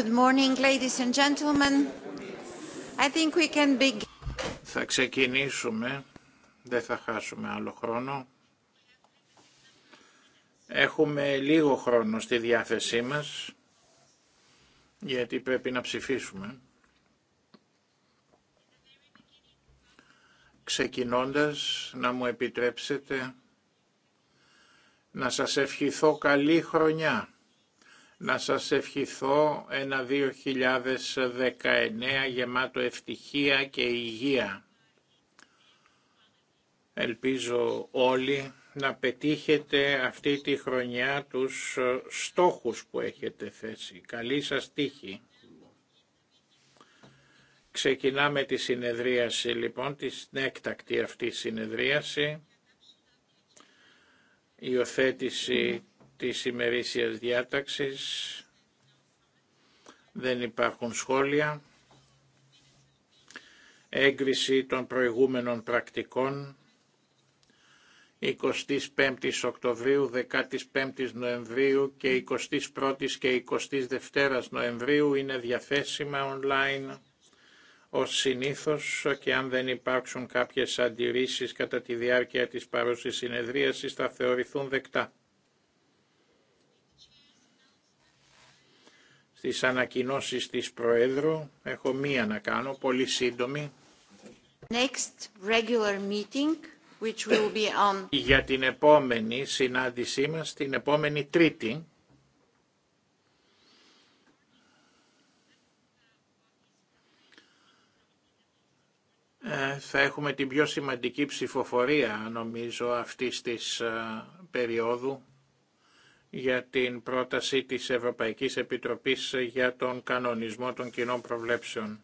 Good morning, ladies and gentlemen. I think we Θα ξεκινήσουμε. Δεν θα χάσουμε άλλο χρόνο. Έχουμε λίγο χρόνο στη διάθεσή μας, γιατί πρέπει να ψηφίσουμε. Ξεκινώντας, να μου επιτρέψετε να σας ευχηθώ καλή χρονιά να σας ευχηθώ ένα 2019 γεμάτο ευτυχία και υγεία. Ελπίζω όλοι να πετύχετε αυτή τη χρονιά τους στόχους που έχετε θέσει. Καλή σας τύχη. Ξεκινάμε τη συνεδρίαση λοιπόν, την έκτακτη αυτή συνεδρίαση, η υιοθέτηση της ημερήσιας διάταξης. Δεν υπάρχουν σχόλια. Έγκριση των προηγούμενων πρακτικών. 25 Οκτωβρίου, 15 Νοεμβρίου και 21 και 22 Νοεμβρίου είναι διαθέσιμα online ως συνήθως και αν δεν υπάρξουν κάποιες αντιρρήσεις κατά τη διάρκεια της παρούσης συνεδρίασης θα θεωρηθούν δεκτά. στις ανακοινώσεις της Προέδρου. Έχω μία να κάνω, πολύ σύντομη. Για την επόμενη συνάντησή μας, την επόμενη Τρίτη, ε, θα έχουμε την πιο σημαντική ψηφοφορία νομίζω αυτής της ε, περίοδου για την πρόταση της Ευρωπαϊκής Επιτροπής για τον κανονισμό των κοινών προβλέψεων.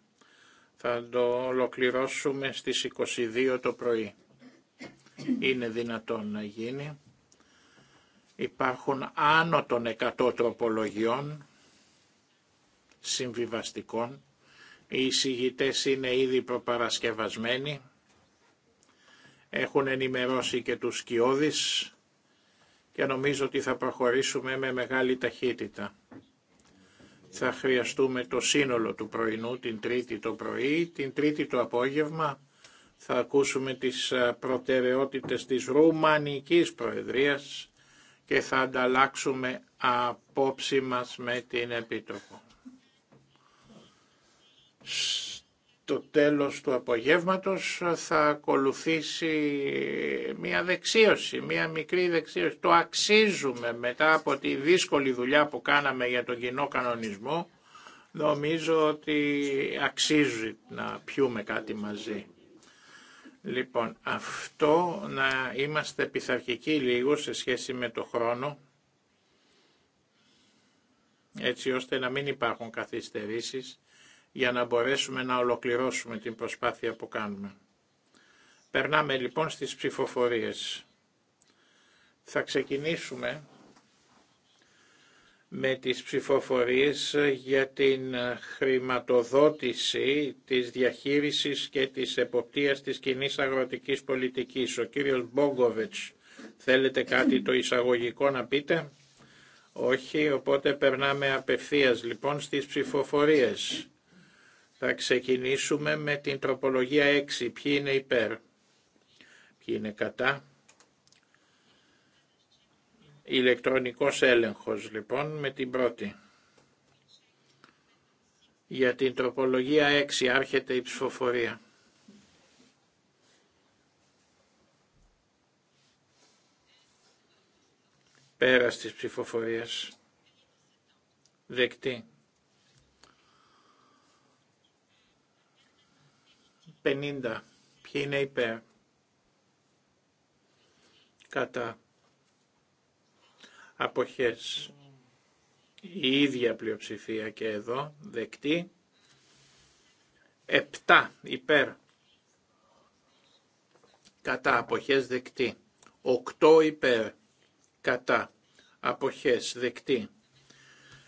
Θα το ολοκληρώσουμε στις 22 το πρωί. Είναι δυνατόν να γίνει. Υπάρχουν άνω των 100 τροπολογιών συμβιβαστικών. Οι εισηγητές είναι ήδη προπαρασκευασμένοι. Έχουν ενημερώσει και τους σκιώδεις και νομίζω ότι θα προχωρήσουμε με μεγάλη ταχύτητα. Θα χρειαστούμε το σύνολο του πρωινού την Τρίτη το πρωί, την Τρίτη το απόγευμα θα ακούσουμε τις προτεραιότητες της Ρουμανικής Προεδρίας και θα ανταλλάξουμε απόψη μας με την Επίτροπο το τέλος του απογεύματος θα ακολουθήσει μια δεξίωση, μια μικρή δεξίωση. Το αξίζουμε μετά από τη δύσκολη δουλειά που κάναμε για τον κοινό κανονισμό. Νομίζω ότι αξίζει να πιούμε κάτι μαζί. Λοιπόν, αυτό να είμαστε πειθαρχικοί λίγο σε σχέση με το χρόνο, έτσι ώστε να μην υπάρχουν καθυστερήσεις για να μπορέσουμε να ολοκληρώσουμε την προσπάθεια που κάνουμε. Περνάμε λοιπόν στις ψηφοφορίες. Θα ξεκινήσουμε με τις ψηφοφορίες για την χρηματοδότηση της διαχείρισης και της εποπτείας της κοινή αγροτικής πολιτικής. Ο κύριος Μπόγκοβετς, θέλετε κάτι το εισαγωγικό να πείτε? Όχι, οπότε περνάμε απευθείας λοιπόν στις ψηφοφορίες. Θα ξεκινήσουμε με την τροπολογία 6. Ποιοι είναι υπέρ. Ποιοι είναι κατά. Ηλεκτρονικός έλεγχος λοιπόν με την πρώτη. Για την τροπολογία 6 άρχεται η ψηφοφορία. Πέρας της ψηφοφορίας. Δεκτή. 50. Ποιοι είναι υπέρ. Κατά. Αποχές. Η ίδια πλειοψηφία και εδώ. Δεκτή. 7. Υπέρ. Κατά. Αποχές δεκτή. 8 υπέρ. Κατά. Αποχές δεκτή.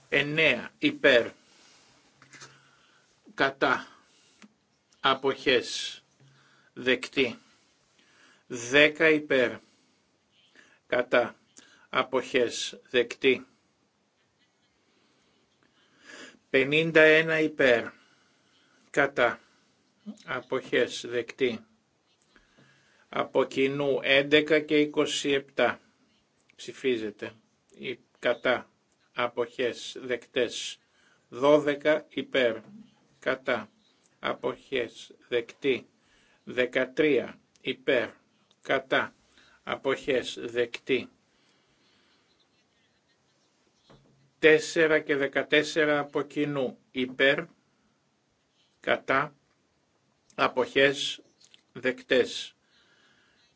9 υπέρ. Κατά αποχές δεκτή 10 υπέρ κατά αποχές δεκτή 51 υπέρ κατά αποχές δεκτή από κοινού 11 και 27 ψηφίζεται η κατά αποχές δεκτές 12 υπέρ κατά αποχές δεκτή 13 υπέρ κατά αποχές δεκτή 4 και 14 από κοινού υπέρ κατά αποχές δεκτές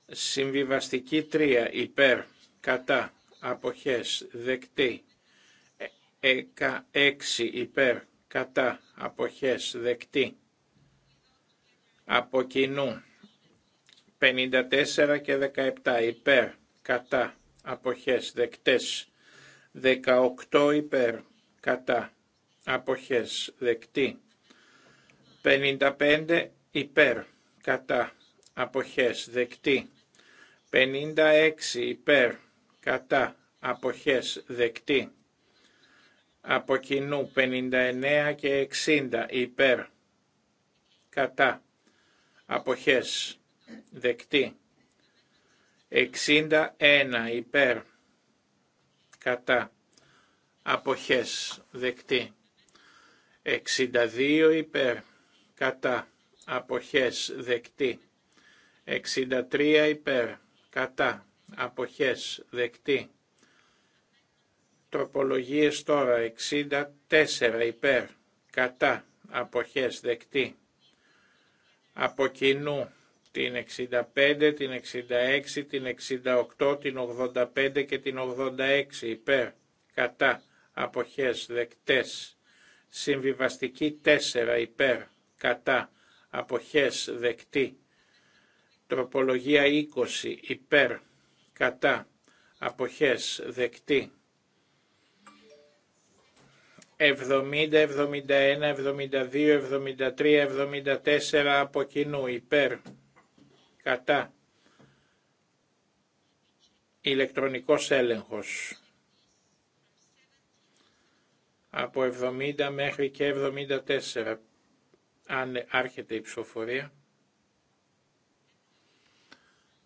συμβιβαστική 3 υπέρ κατά αποχές δεκτή 6 ε, υπέρ κατά αποχές δεκτή από κοινού 54 και 17 υπέρ, κατά, αποχές, δεκτές, 18 υπέρ, κατά, αποχές, δεκτή, 55 υπέρ, κατά, αποχές, δεκτή, 56 υπέρ, κατά, αποχές, δεκτή, από κοινού 59 και 60 υπέρ, κατά, αποχές δεκτή 61 υπέρ κατά αποχές δεκτή 62 υπέρ κατά αποχές δεκτή 63 υπέρ κατά αποχές δεκτή τροπολογίες τώρα 64 υπέρ κατά αποχές δεκτή από κοινού την 65, την 66, την 68, την 85 και την 86 υπέρ, κατά, αποχές, δεκτές. Συμβιβαστική 4 υπέρ, κατά, αποχές, δεκτή. Τροπολογία 20 υπέρ, κατά, αποχές, δεκτή. 70, 71, 72, 73, 74 από κοινού υπέρ, κατά, ηλεκτρονικός έλεγχος. Από 70 μέχρι και 74, αν άρχεται η ψηφοφορία.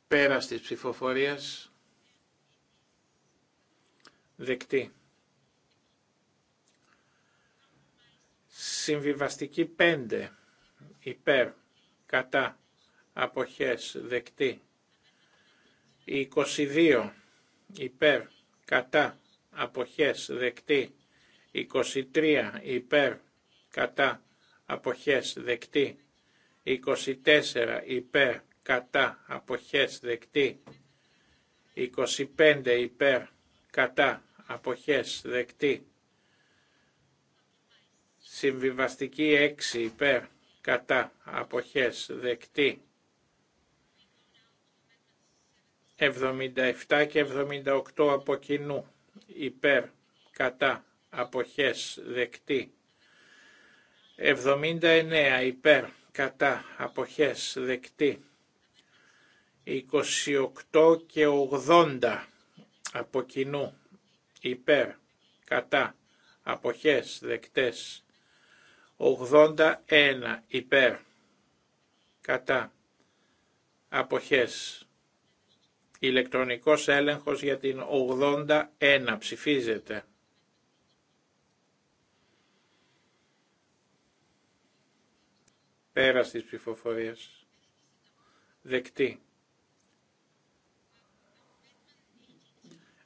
Πέρας της ψηφοφορίας, δεκτή. Συμβιβαστική 5 υπέρ κατά αποχές δεκτή. 22 υπέρ κατά αποχές δεκτή. 23 υπέρ κατά αποχές δεκτή. 24 υπέρ κατά αποχές δεκτή. 25 υπέρ κατά αποχές δεκτή. Συμβιβαστική 6 υπέρ κατά αποχές δεκτή. 77 και 78 από κοινού υπέρ κατά αποχές δεκτή. 79 υπέρ κατά αποχές δεκτή. 28 και 80 από κοινού υπέρ κατά αποχές δεκτές. 81 υπέρ κατά αποχές. Ηλεκτρονικός έλεγχος για την 81 ψηφίζεται. Πέρα της ψηφοφορίας. Δεκτή.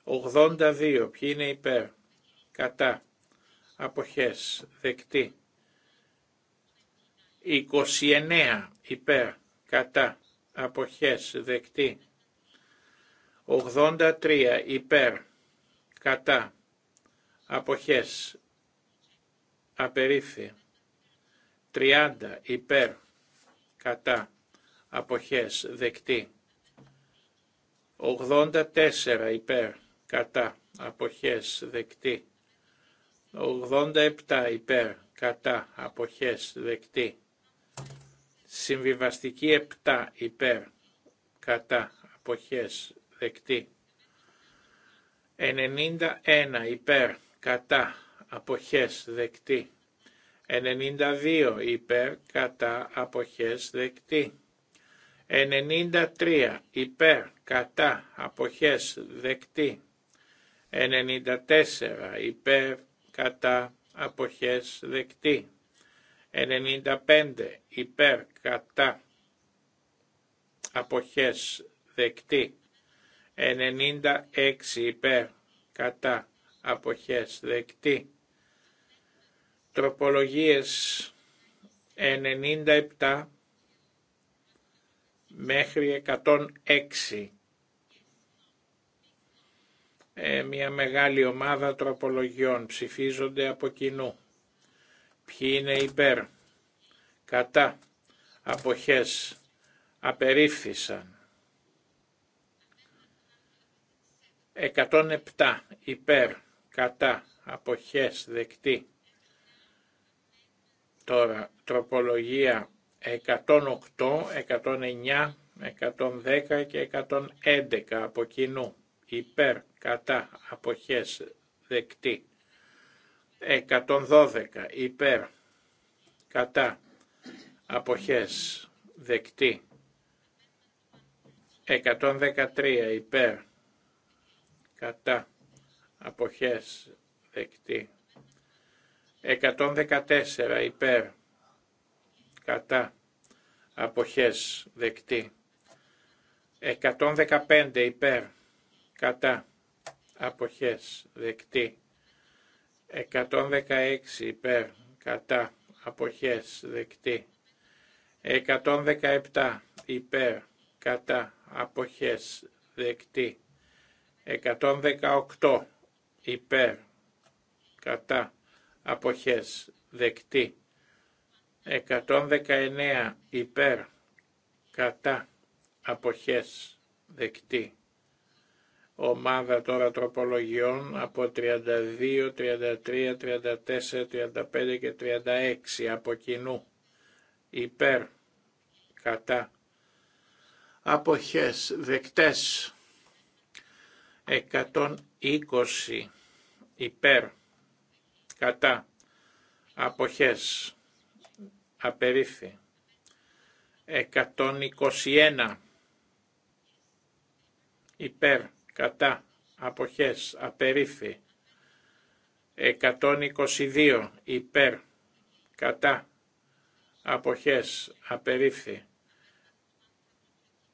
82. Ποιοι είναι υπέρ. Κατά. Αποχές. Δεκτή. 29 υπέρ κατά αποχές δεκτή. 83 υπέρ κατά αποχές απερίφη. 30 υπέρ κατά αποχές δεκτή. 84 υπέρ κατά αποχές δεκτή. 87 υπέρ κατά αποχές δεκτή. Συμβιβαστική 7 υπέρ κατά αποχές δεκτή. 91 υπέρ κατά αποχές δεκτή. 92 υπέρ κατά αποχές δεκτή. 93 υπέρ κατά αποχές δεκτή. 94 υπέρ κατά αποχές δεκτή. 95 υπέρ κατά αποχές δεκτή 96 υπέρ κατά αποχές δεκτή τροπολογίες 97 μέχρι 106 ε, μια μεγάλη ομάδα τροπολογιών ψηφίζονται από κοινού Ποιοι είναι υπέρ. Κατά. Αποχές. Απερίφθησαν. 107 υπέρ. Κατά. Αποχές. Δεκτή. Τώρα τροπολογία 108, 109, 110 και 111 από κοινού. Υπέρ. Κατά. Αποχές. Δεκτή. 112 υπέρ κατά αποχές δεκτή 113 υπέρ κατά αποχές δεκτή 114 υπέρ κατά αποχές δεκτή 115 υπέρ κατά αποχές δεκτή 116 υπέρ κατά αποχές δεκτή. 117 υπέρ κατά αποχές δεκτή. 118 υπέρ κατά αποχές δεκτή. 119 υπέρ κατά αποχές δεκτή ομάδα τώρα τροπολογιών από 32, 33, 34, 35 και 36 από κοινού υπέρ, κατά, αποχές, δεκτές, 120 υπέρ, κατά, αποχές, απερίφθη, 121 υπέρ, κατά, αποχές, απερίφθη. 122 υπέρ, κατά, αποχές, απερίφθη.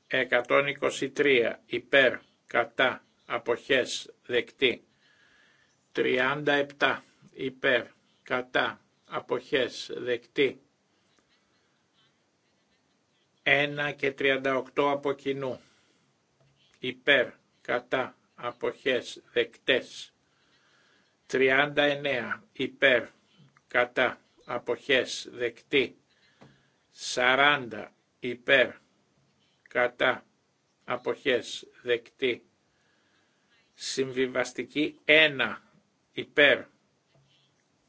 123 υπέρ, κατά, αποχές, δεκτή. 37 υπέρ, κατά, αποχές, δεκτή. 1 και 38 από κοινού. Υπέρ, κατά αποχές δεκτές 39 υπέρ κατά αποχές δεκτή 40 υπέρ κατά αποχές δεκτή συμβιβαστική 1 υπέρ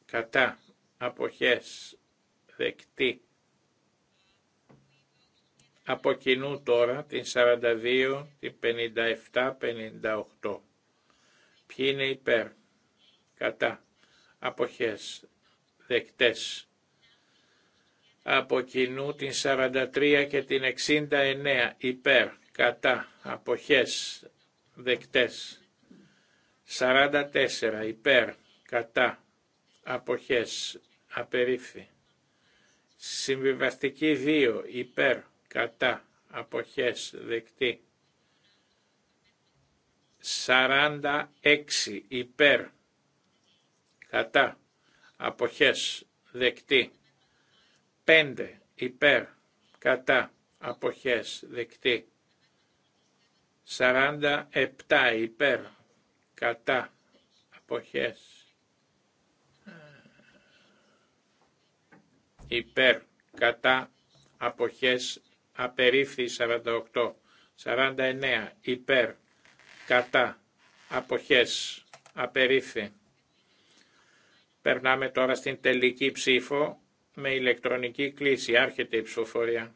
κατά αποχές δεκτή από κοινού τώρα την 42, την 57, 58. Ποιοι είναι υπέρ, κατά, αποχές, δεκτές. Από κοινού την 43 και την 69 υπέρ, κατά, αποχές, δεκτές. 44 υπέρ, κατά, αποχές, απερίφθη. Συμβιβαστική 2 υπέρ, κατά αποχές δεκτή 46 υπέρ κατά αποχές δεκτή 5 υπέρ κατά αποχές δεκτή 47 υπέρ κατά αποχές υπέρ κατά αποχές απερίφθη 48, 49 υπέρ, κατά, αποχές, απερίφθη. Περνάμε τώρα στην τελική ψήφο με ηλεκτρονική κλίση, άρχεται η ψηφοφορία.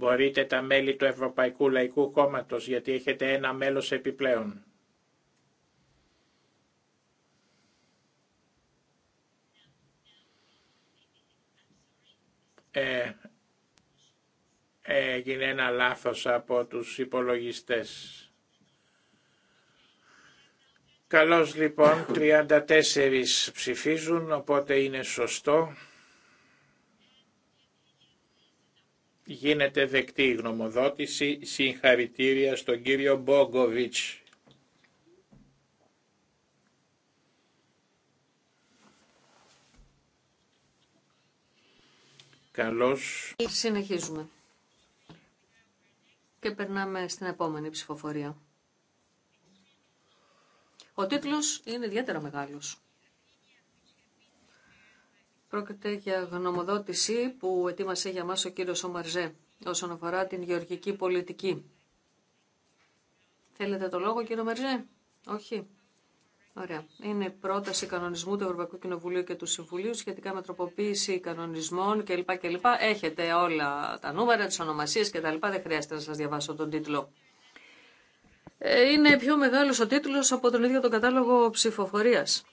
Μπορείτε τα μέλη του Ευρωπαϊκού Λαϊκού Κόμματος, γιατί έχετε ένα μέλος επιπλέον. Ε, έγινε ένα λάθος από τους υπολογιστές. Καλώς λοιπόν, 34 ψηφίζουν, οπότε είναι σωστό. Γίνεται δεκτή η γνωμοδότηση. Συγχαρητήρια στον κύριο Μπόγκοβιτς. Καλώς. Συνεχίζουμε. Και περνάμε στην επόμενη ψηφοφορία. Ο τίτλος είναι ιδιαίτερα μεγάλος. Πρόκειται για γνωμοδότηση που ετοίμασε για μας ο κύριος Ομαρζέ όσον αφορά την γεωργική πολιτική. Θέλετε το λόγο κύριο Μαρζέ? Όχι. Ωραία. Είναι πρόταση κανονισμού του Ευρωπαϊκού Κοινοβουλίου και του Συμβουλίου σχετικά με τροποποίηση κανονισμών κλπ. κλπ. Έχετε όλα τα νούμερα, τις ονομασίες κτλ. Δεν χρειάζεται να σας διαβάσω τον τίτλο. Ε, είναι πιο μεγάλος ο τίτλος από τον ίδιο τον κατάλογο ψηφοφορίας.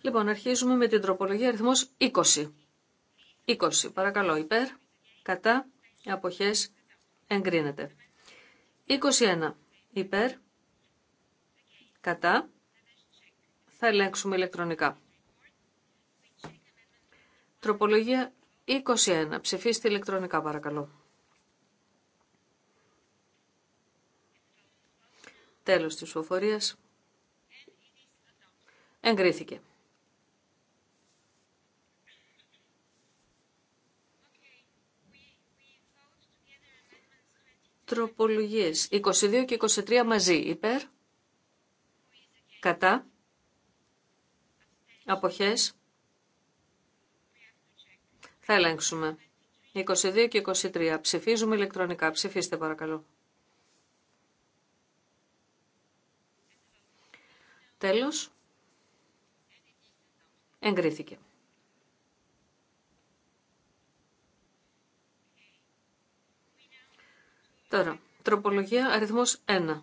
Λοιπόν, αρχίζουμε με την τροπολογία αριθμός 20. 20, παρακαλώ, υπέρ, κατά, αποχές, εγκρίνεται. 21, υπέρ, κατά, θα ελέγξουμε ηλεκτρονικά. Τροπολογία 21. Ψηφίστε ηλεκτρονικά παρακαλώ. Τέλος της ψηφοφορίας. Εγκρίθηκε. τροπολογίες 22 και 23 μαζί υπέρ, κατά, αποχές, θα ελέγξουμε. 22 και 23. Ψηφίζουμε ηλεκτρονικά. Ψηφίστε παρακαλώ. Τέλος. Εγκρίθηκε. Τώρα, τροπολογία αριθμός 1,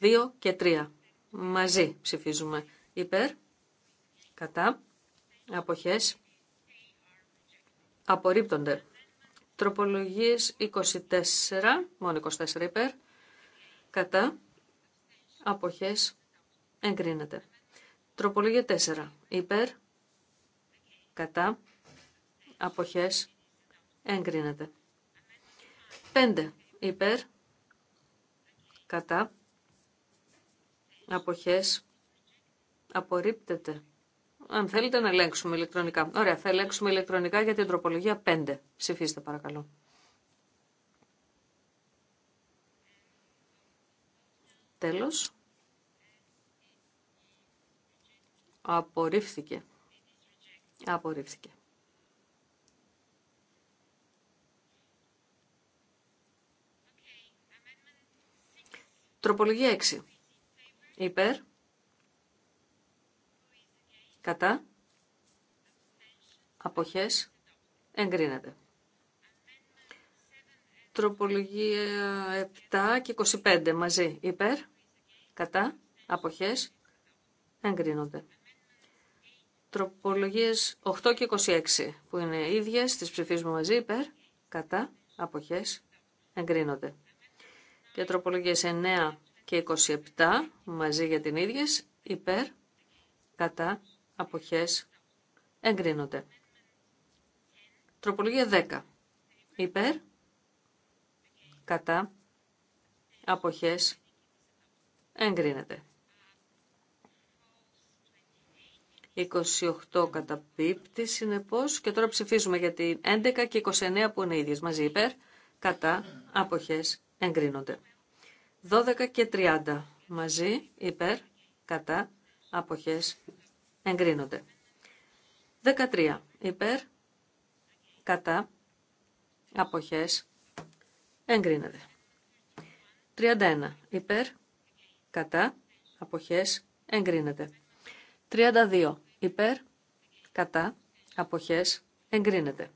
2 και 3. Μαζί ψηφίζουμε υπέρ, κατά, αποχές, απορρίπτονται. Τροπολογίες 24, μόνο 24 υπέρ, κατά, αποχές, εγκρίνεται. Τροπολογία 4, υπέρ, κατά, αποχές, εγκρίνεται. 5 υπέρ, κατά, αποχές, απορρίπτεται. Αν θέλετε να ελέγξουμε ηλεκτρονικά. Ωραία, θα ελέγξουμε ηλεκτρονικά για την τροπολογία 5. Ψηφίστε παρακαλώ. Τέλος. Απορρίφθηκε. Απορρίφθηκε. Τροπολογία 6. Υπέρ. Κατά. Αποχές. Εγκρίνεται. Τροπολογία 7 και 25 μαζί. Υπέρ. Κατά. Αποχές. Εγκρίνονται. Τροπολογίες 8 και 26 που είναι ίδιες, τις ψηφίζουμε μαζί. Υπέρ. Κατά. Αποχές. Εγκρίνονται. Και τροπολογίες 9 και 27 μαζί για την ίδια υπέρ, κατά, αποχές, εγκρίνονται. Τροπολογία 10. Υπέρ, κατά, αποχές, εγκρίνεται. 28 καταπίπτει συνεπώ. και τώρα ψηφίζουμε για την 11 και 29 που είναι ίδιε, μαζί υπέρ, κατά, αποχές, εγκρίνονται. 12 και 30 μαζί, υπέρ, κατά, αποχές, εγκρίνονται. 13 υπέρ, κατά, αποχές, εγκρίνεται. 31 υπέρ, κατά, αποχές, εγκρίνεται. 32 υπέρ, κατά, αποχές, εγκρίνεται.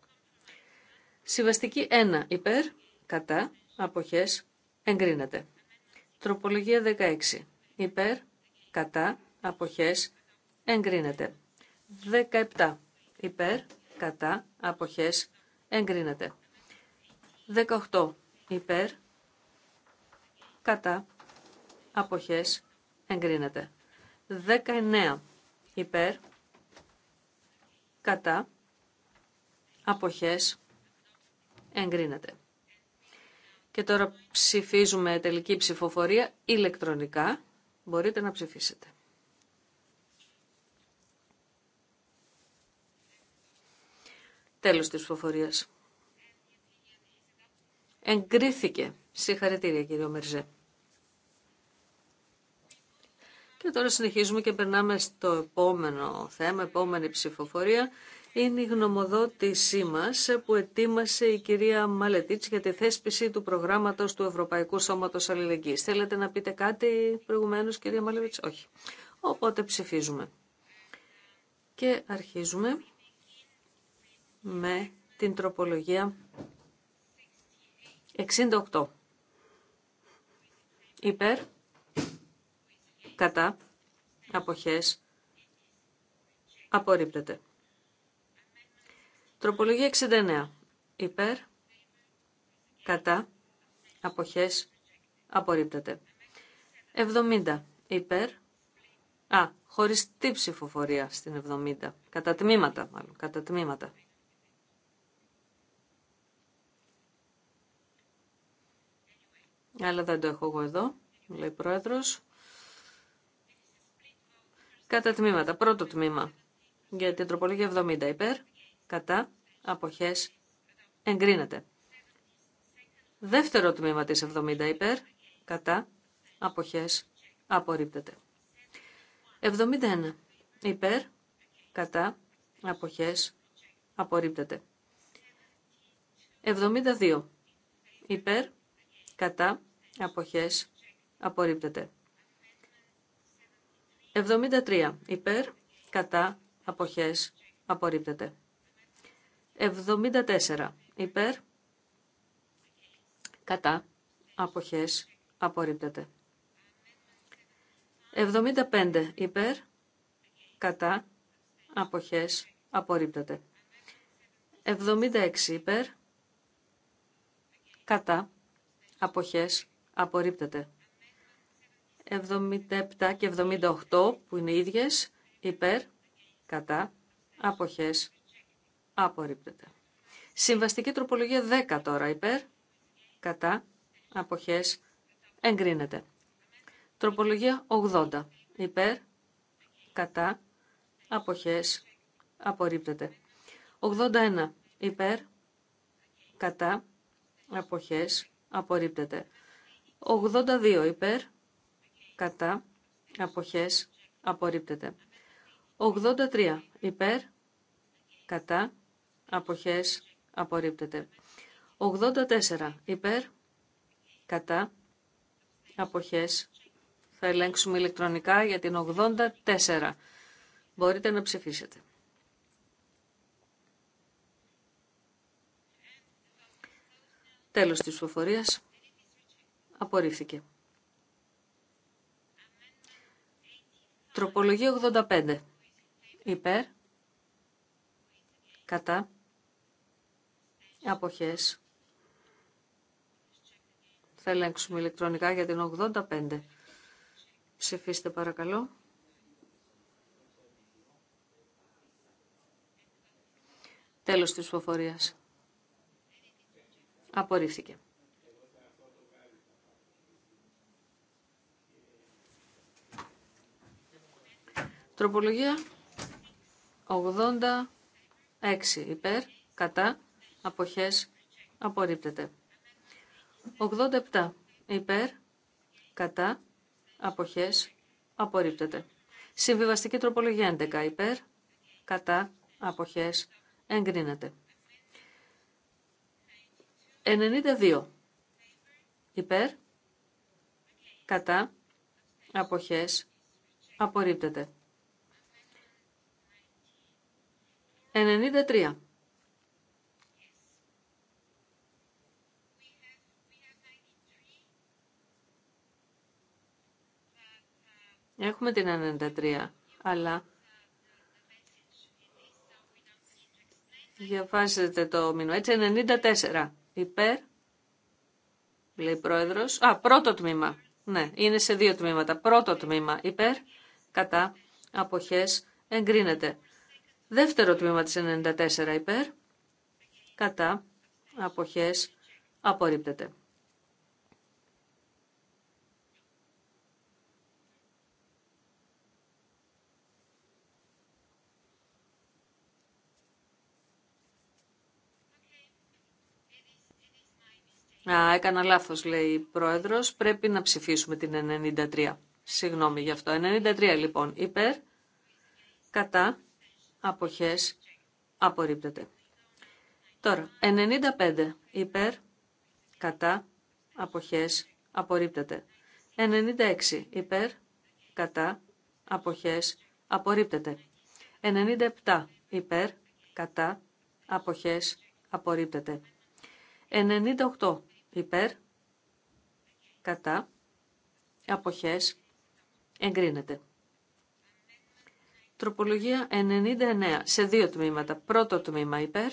Συμβαστική 1 υπέρ, κατά, αποχές εγκρίνεται. Τροπολογία 16. Υπέρ, κατά, αποχές εγκρίνεται. 17. Υπέρ, κατά, αποχές εγκρίνεται. 18. Υπέρ, κατά, αποχές εγκρίνεται. 19. Υπέρ, κατά, αποχές εγκρίνεται. Και τώρα ψηφίζουμε τελική ψηφοφορία ηλεκτρονικά. Μπορείτε να ψηφίσετε. Τέλος της ψηφοφορίας. Εγκρίθηκε. Συγχαρητήρια κύριο Μερζέ. Και τώρα συνεχίζουμε και περνάμε στο επόμενο θέμα, επόμενη ψηφοφορία είναι η γνωμοδότησή μας που ετοίμασε η κυρία Μαλετίτς για τη θέσπιση του προγράμματος του Ευρωπαϊκού Σώματος Αλληλεγγύης. Θέλετε να πείτε κάτι προηγουμένως κυρία Μαλετίτς, όχι. Οπότε ψηφίζουμε. Και αρχίζουμε με την τροπολογία 68. Υπέρ, κατά, αποχές, απορρίπτεται. Τροπολογία 69. Υπέρ, κατά, αποχές, απορρίπτεται. 70. Υπέρ, α, χωριστή ψηφοφορία στην 70. Κατά τμήματα, μάλλον, κατά τμήματα. Αλλά δεν το έχω εγώ εδώ, λέει πρόεδρος. Κατά τμήματα, πρώτο τμήμα. Για την τροπολογία 70 υπέρ κατά, αποχές, εγκρίνεται. Δεύτερο τμήμα της 70 υπέρ, κατά, αποχές, απορρίπτεται. 71 υπέρ, κατά, αποχές, απορρίπτεται. 72 υπέρ, κατά, αποχές, απορρίπτεται. 73 υπέρ, κατά, αποχές, απορρίπτεται. 74 υπέρ, κατά, αποχές, απορρίπτεται. 75 υπέρ, κατά, αποχές, απορρίπτεται. 76 υπέρ, κατά, αποχές, απορρίπτεται. 77 και 78 που είναι ίδιες, υπέρ, κατά, αποχές, Απορρίπτεται. Συμβαστική τροπολογία 10 τώρα υπέρ. Κατά. Αποχές. Εγκρίνεται. Τροπολογία 80 υπέρ. Κατά. Αποχές. Απορρίπτεται. 81 υπέρ. Κατά. Αποχές. Απορρίπτεται. 82 υπέρ. Κατά. Αποχές. Απορρίπτεται. 83 υπέρ. Κατά αποχές απορρίπτεται. 84 υπέρ, κατά, αποχές. Θα ελέγξουμε ηλεκτρονικά για την 84. Μπορείτε να ψηφίσετε. Τέλος της ψηφοφορίας. Απορρίφθηκε. Τροπολογία 85. Υπέρ. Κατά αποχές. Θα ελέγξουμε ηλεκτρονικά για την 85. Ψηφίστε παρακαλώ. Τέλος της ψηφοφορίας. Απορρίφθηκε. Τροπολογία 86 υπέρ, κατά, αποχές απορρίπτεται. 87 υπέρ, κατά, αποχές απορρίπτεται. Συμβιβαστική τροπολογία 11 υπέρ, κατά, αποχές εγκρίνεται. 92 υπέρ, κατά, αποχές απορρίπτεται. 93 Έχουμε την 93, αλλά διαβάζετε το μήνυμα. Έτσι, 94. Υπέρ, λέει πρόεδρος. Α, πρώτο τμήμα. Ναι, είναι σε δύο τμήματα. Πρώτο τμήμα υπέρ, κατά, αποχές, εγκρίνεται. Δεύτερο τμήμα της 94 υπέρ, κατά, αποχές, απορρίπτεται. Α, έκανα λάθος, λέει η πρόεδρος. Πρέπει να ψηφίσουμε την 93. Συγγνώμη γι' αυτό. 93 λοιπόν. Υπέρ, κατά, αποχές, απορρίπτεται. Τώρα, 95 υπέρ, κατά, αποχές, απορρίπτεται. 96 υπέρ, κατά, αποχές, απορρίπτεται. 97 υπέρ, κατά, αποχές, απορρίπτεται. 98 υπέρ, κατά, αποχές, εγκρίνεται. Τροπολογία 99 σε δύο τμήματα. Πρώτο τμήμα υπέρ,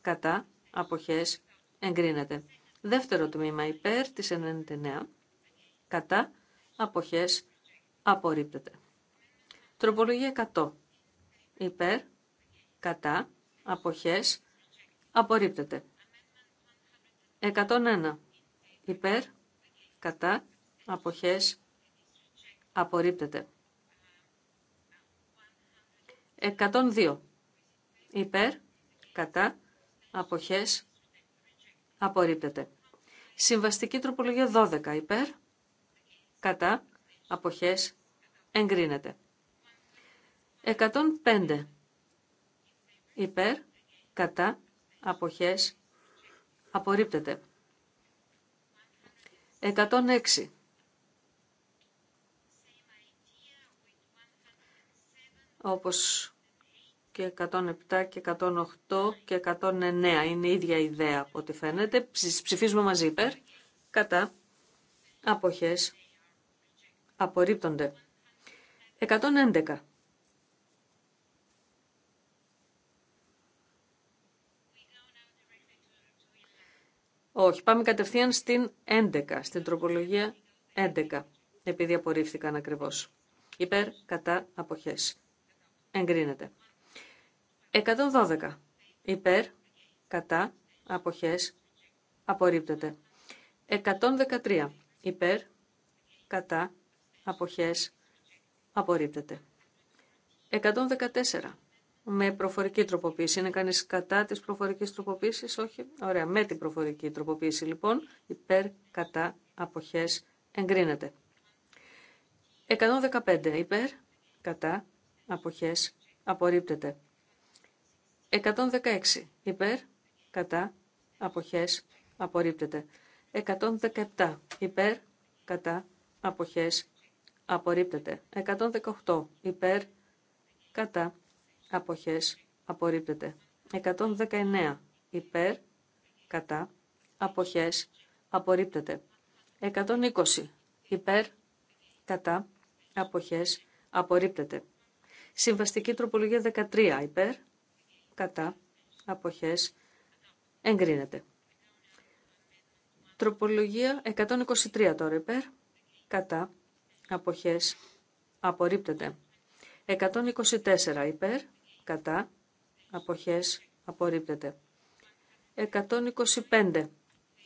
κατά, αποχές, εγκρίνεται. Δεύτερο τμήμα υπέρ της 99, κατά, αποχές, απορρίπτεται. Τροπολογία 100. Υπέρ, κατά, αποχές, απορρίπτεται. 101. Υπέρ, κατά, αποχές, απορρίπτεται. 102. Υπέρ, κατά, αποχές, απορρίπτεται. Συμβαστική τροπολογία 12. Υπέρ, κατά, αποχές, εγκρίνεται. 105. Υπέρ, κατά, αποχές, Απορρίπτεται. 106. Όπως και 107 και 108 και 109 είναι η ίδια ιδέα από ό,τι φαίνεται. Ψηφίζουμε μαζί υπέρ. Κατά. Αποχές. Απορρίπτονται. 111. Όχι, πάμε κατευθείαν στην 11, στην τροπολογία 11, επειδή απορρίφθηκαν ακριβώς. Υπέρ, κατά, αποχές. Εγκρίνεται. 112. Υπέρ, κατά, αποχές, απορρίπτεται. 113. Υπέρ, κατά, αποχές, απορρίπτεται. 114 με προφορική τροποποίηση. Είναι κανείς κατά της προφορικής τροποποίησης, όχι. Ωραία, με την προφορική τροποποίηση λοιπόν, υπέρ, κατά, αποχές, εγκρίνεται. 115 υπέρ, κατά, αποχές, απορρίπτεται. 116 υπέρ, κατά, αποχές, απορρίπτεται. 117 υπέρ, κατά, αποχές, απορρίπτεται. 118 υπέρ, κατά, αποχές απορρίπτεται. 119 υπέρ, κατά, αποχές απορρίπτεται. 120 υπέρ, κατά, αποχές απορρίπτεται. Συμβαστική τροπολογία 13 υπέρ, κατά, αποχές εγκρίνεται. Τροπολογία 123 τώρα υπέρ, κατά, αποχές απορρίπτεται. 124 υπέρ, κατά, αποχές, απορρίπτεται. 125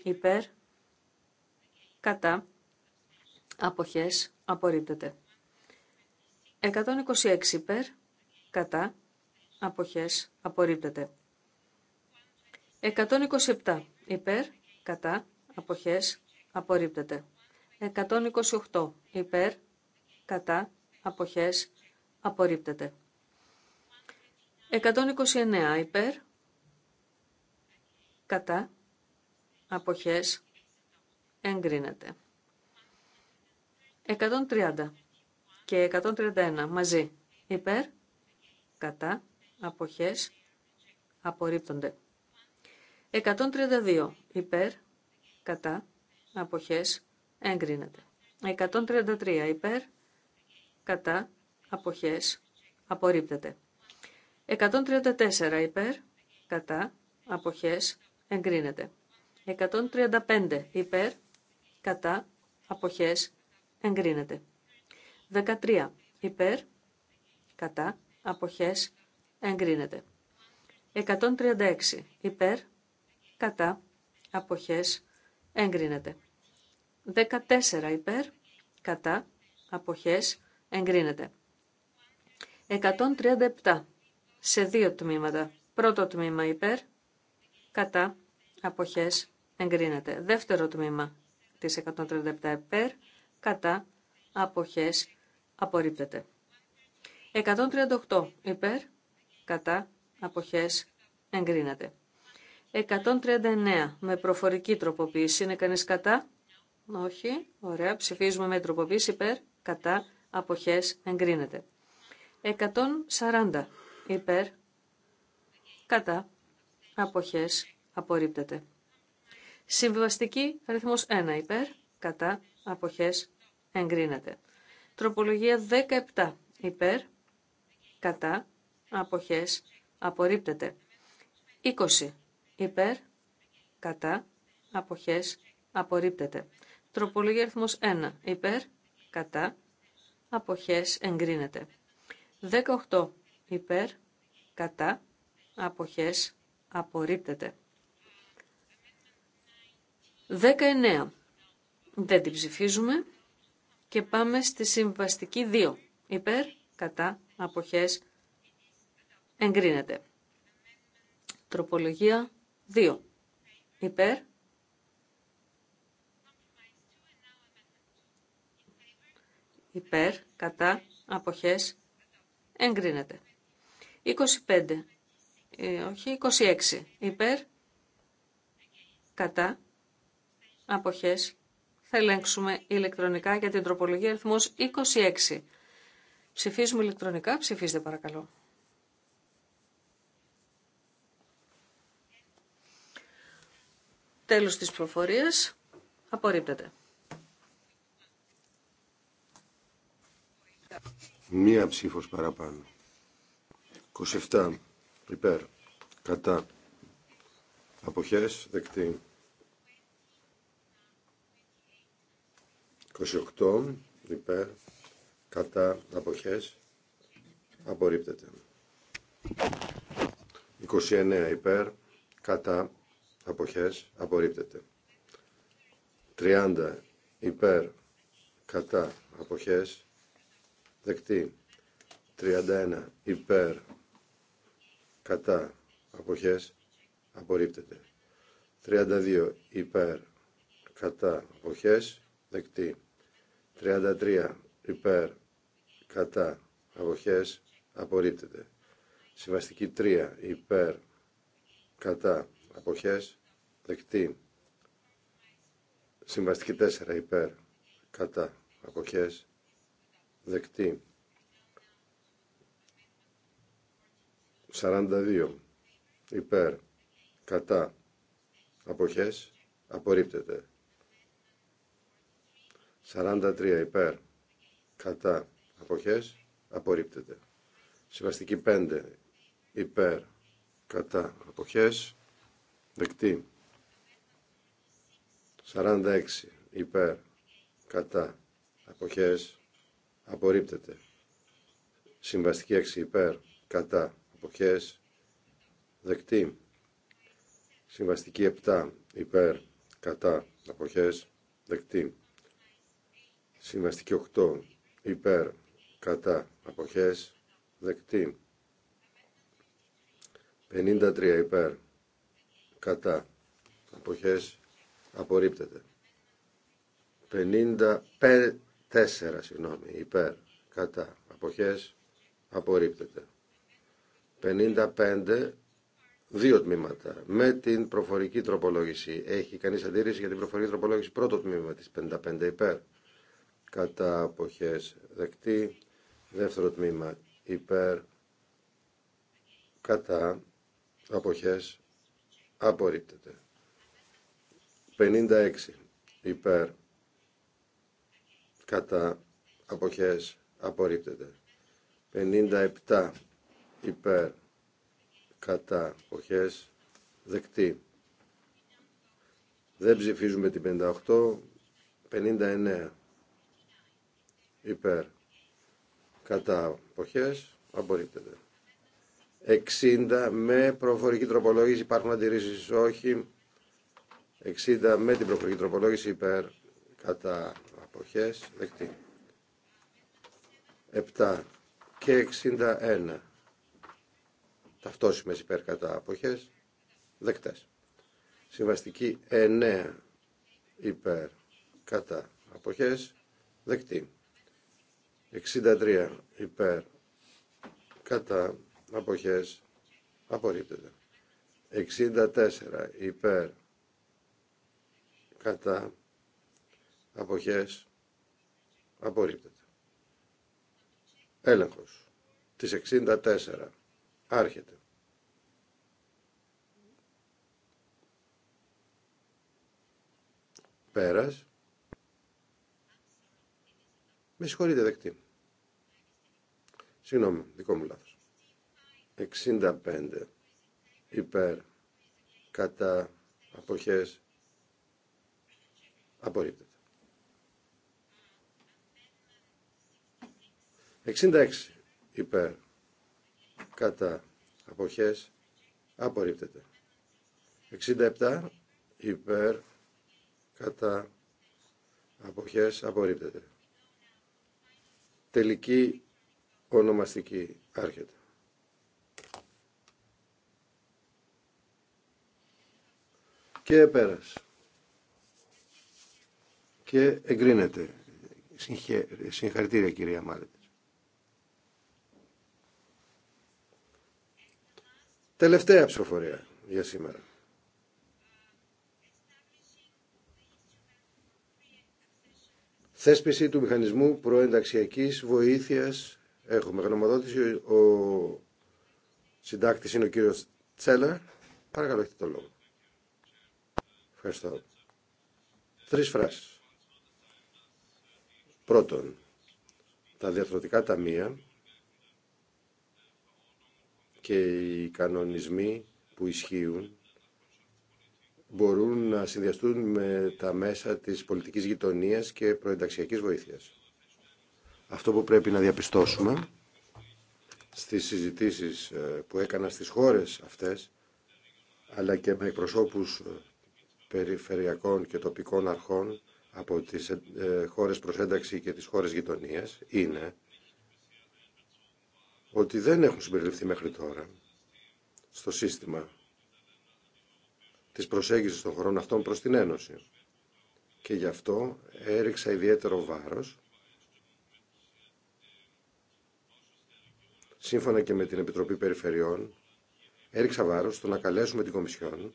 υπέρ, κατά, αποχές, απορρίπτεται. 126 υπέρ, κατά, αποχές, απορρίπτεται. 127 υπέρ, κατά, αποχές, απορρίπτεται. 128 υπέρ, κατά, αποχές, απορρίπτεται. 129 υπέρ, κατά, αποχές, εγκρίνεται. 130 και 131 μαζί υπέρ, κατά, αποχές, απορρίπτονται. 132 υπέρ, κατά, αποχές, εγκρίνεται. 133 υπέρ, κατά, αποχές, απορρίπτεται. 134 υπέρ, κατά, αποχές, εγκρίνεται. 135 υπέρ, κατά, αποχές, εγκρίνεται. 13 υπέρ, κατά, αποχές, εγκρίνεται. 136 υπέρ, κατά, αποχές, εγκρίνεται. 14 υπέρ, κατά, αποχές, εγκρίνεται. 137 σε δύο τμήματα. Πρώτο τμήμα υπέρ, κατά, αποχές, εγκρίνεται. Δεύτερο τμήμα της 137 υπέρ, κατά, αποχές, απορρίπτεται. 138 υπέρ, κατά, αποχές, εγκρίνεται. 139 με προφορική τροποποίηση. Είναι κανείς κατά? Όχι. Ωραία. Ψηφίζουμε με τροποποίηση υπέρ, κατά, αποχές, εγκρίνεται. 140 υπέρ, κατά, αποχές, απορρίπτεται. Συμβιβαστική αριθμός 1 υπέρ, κατά, αποχές, εγκρίνεται. Τροπολογία 17 υπέρ, κατά, αποχές, απορρίπτεται. 20 υπέρ, κατά, αποχές, απορρίπτεται. Τροπολογία αριθμός 1 υπέρ, κατά, αποχές, εγκρίνεται. 18 υπέρ, κατά, αποχές, απορρίπτεται. 19. Δεν την ψηφίζουμε και πάμε στη συμβαστική 2. Υπέρ, κατά, αποχές, εγκρίνεται. Τροπολογία 2. Υπέρ. Υπέρ, κατά, αποχές, εγκρίνεται. 25. Ε, όχι, 26. Υπέρ. Κατά. Αποχές. Θα ελέγξουμε ηλεκτρονικά για την τροπολογία αριθμός 26. Ψηφίζουμε ηλεκτρονικά. Ψηφίστε παρακαλώ. Τέλος της προφορίας. Απορρίπτεται. Μία ψήφος παραπάνω. 27 υπέρ κατά αποχές δεκτή 28 υπέρ κατά αποχές απορρίπτεται 29 υπέρ κατά αποχές απορρίπτεται 30 υπέρ κατά αποχές δεκτή 31 υπέρ κατά αποχές απορρίπτεται. 32 υπέρ κατά αποχές δεκτή. 33 υπέρ κατά αποχές απορρίπτεται. Συμβαστική 3 υπέρ κατά αποχές δεκτή. Συμβαστική 4 υπέρ κατά αποχές δεκτή. 42 υπέρ κατά αποχές απορρίπτεται 43 υπέρ κατά αποχές απορρίπτεται συμβαστική 5 υπέρ κατά αποχές δεκτή 46 υπέρ κατά αποχές απορρίπτεται συμβαστική 6 υπέρ κατά αποχές δεκτή. Συμβαστική 7 υπέρ κατά αποχές δεκτή. Συμβαστική 8 υπέρ κατά αποχές δεκτή. 53 υπέρ κατά αποχές απορρίπτεται. 54 συγγνώμη υπέρ κατά αποχές απορρίπτεται. 55 δύο τμήματα. Με την προφορική τροπολόγηση. Έχει κανείς αντίρρηση για την προφορική τροπολόγηση πρώτο τμήμα της 55 υπέρ. Κατά αποχές δεκτή. Δεύτερο τμήμα υπέρ. Κατά αποχές απορρίπτεται. 56 υπέρ. Κατά αποχές απορρίπτεται. 57 υπέρ κατά οχές, δεκτή. Δεν ψηφίζουμε την 58, 59 υπέρ κατά οχές, απορρίπτεται. 60 με προφορική τροπολόγηση υπάρχουν αντιρρήσεις όχι. 60 με την προφορική τροπολόγηση υπέρ κατά αποχές δεκτή. 7 και 61 ταυτόσιμε υπέρ κατά αποχές Συμβαστική 9 υπέρ κατά αποχές δεκτή. 63 υπέρ κατά αποχές απορρίπτεται. 64 υπέρ κατά αποχές απορρίπτεται. Έλεγχος Τις 64 Άρχεται. Πέρας. Με συγχωρείτε δεκτή. Συγγνώμη, δικό μου λάθος. 65 υπέρ κατά αποχές απορρίπτεται. 66 υπέρ κατά αποχές απορρίπτεται. 67 υπέρ κατά αποχές απορρίπτεται. Τελική ονομαστική άρχεται. Και πέρας. Και εγκρίνεται. Συγχαρητήρια κυρία Μάλετ. Τελευταία ψηφοφορία για σήμερα. Θέσπιση του μηχανισμού προενταξιακής βοήθειας. Έχουμε γνωμοδότηση. Ο συντάκτης είναι ο κύριος Τσέλα. Παρακαλώ, έχετε το λόγο. Ευχαριστώ. Τρεις φράσεις. Πρώτον, τα διαθροτικά ταμεία και οι κανονισμοί που ισχύουν μπορούν να συνδυαστούν με τα μέσα της πολιτικής γειτονίας και προενταξιακής βοήθειας. Αυτό που πρέπει να διαπιστώσουμε στις συζητήσεις ε, που έκανα στις χώρες αυτές αλλά και με εκπροσώπους ε, περιφερειακών και τοπικών αρχών από τις ε, χώρες προσένταξη και τις χώρες γειτονίας είναι ότι δεν έχουν συμπεριληφθεί μέχρι τώρα στο σύστημα της προσέγγισης των χωρών αυτών προς την Ένωση. Και γι' αυτό έριξα ιδιαίτερο βάρος σύμφωνα και με την Επιτροπή Περιφερειών έριξα βάρος στο να καλέσουμε την Κομισιόν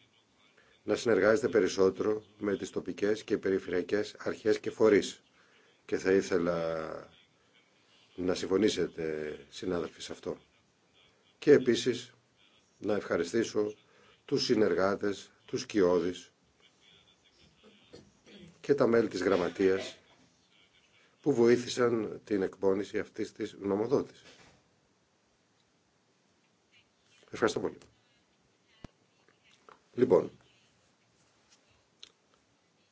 να συνεργάζεται περισσότερο με τις τοπικές και περιφερειακές αρχές και φορείς. Και θα ήθελα να συμφωνήσετε συνάδελφοι σε αυτό. Και επίσης να ευχαριστήσω τους συνεργάτες, τους κοιόδης και τα μέλη της γραμματείας που βοήθησαν την εκπόνηση αυτής της νομοδότησης. Ευχαριστώ πολύ. Λοιπόν,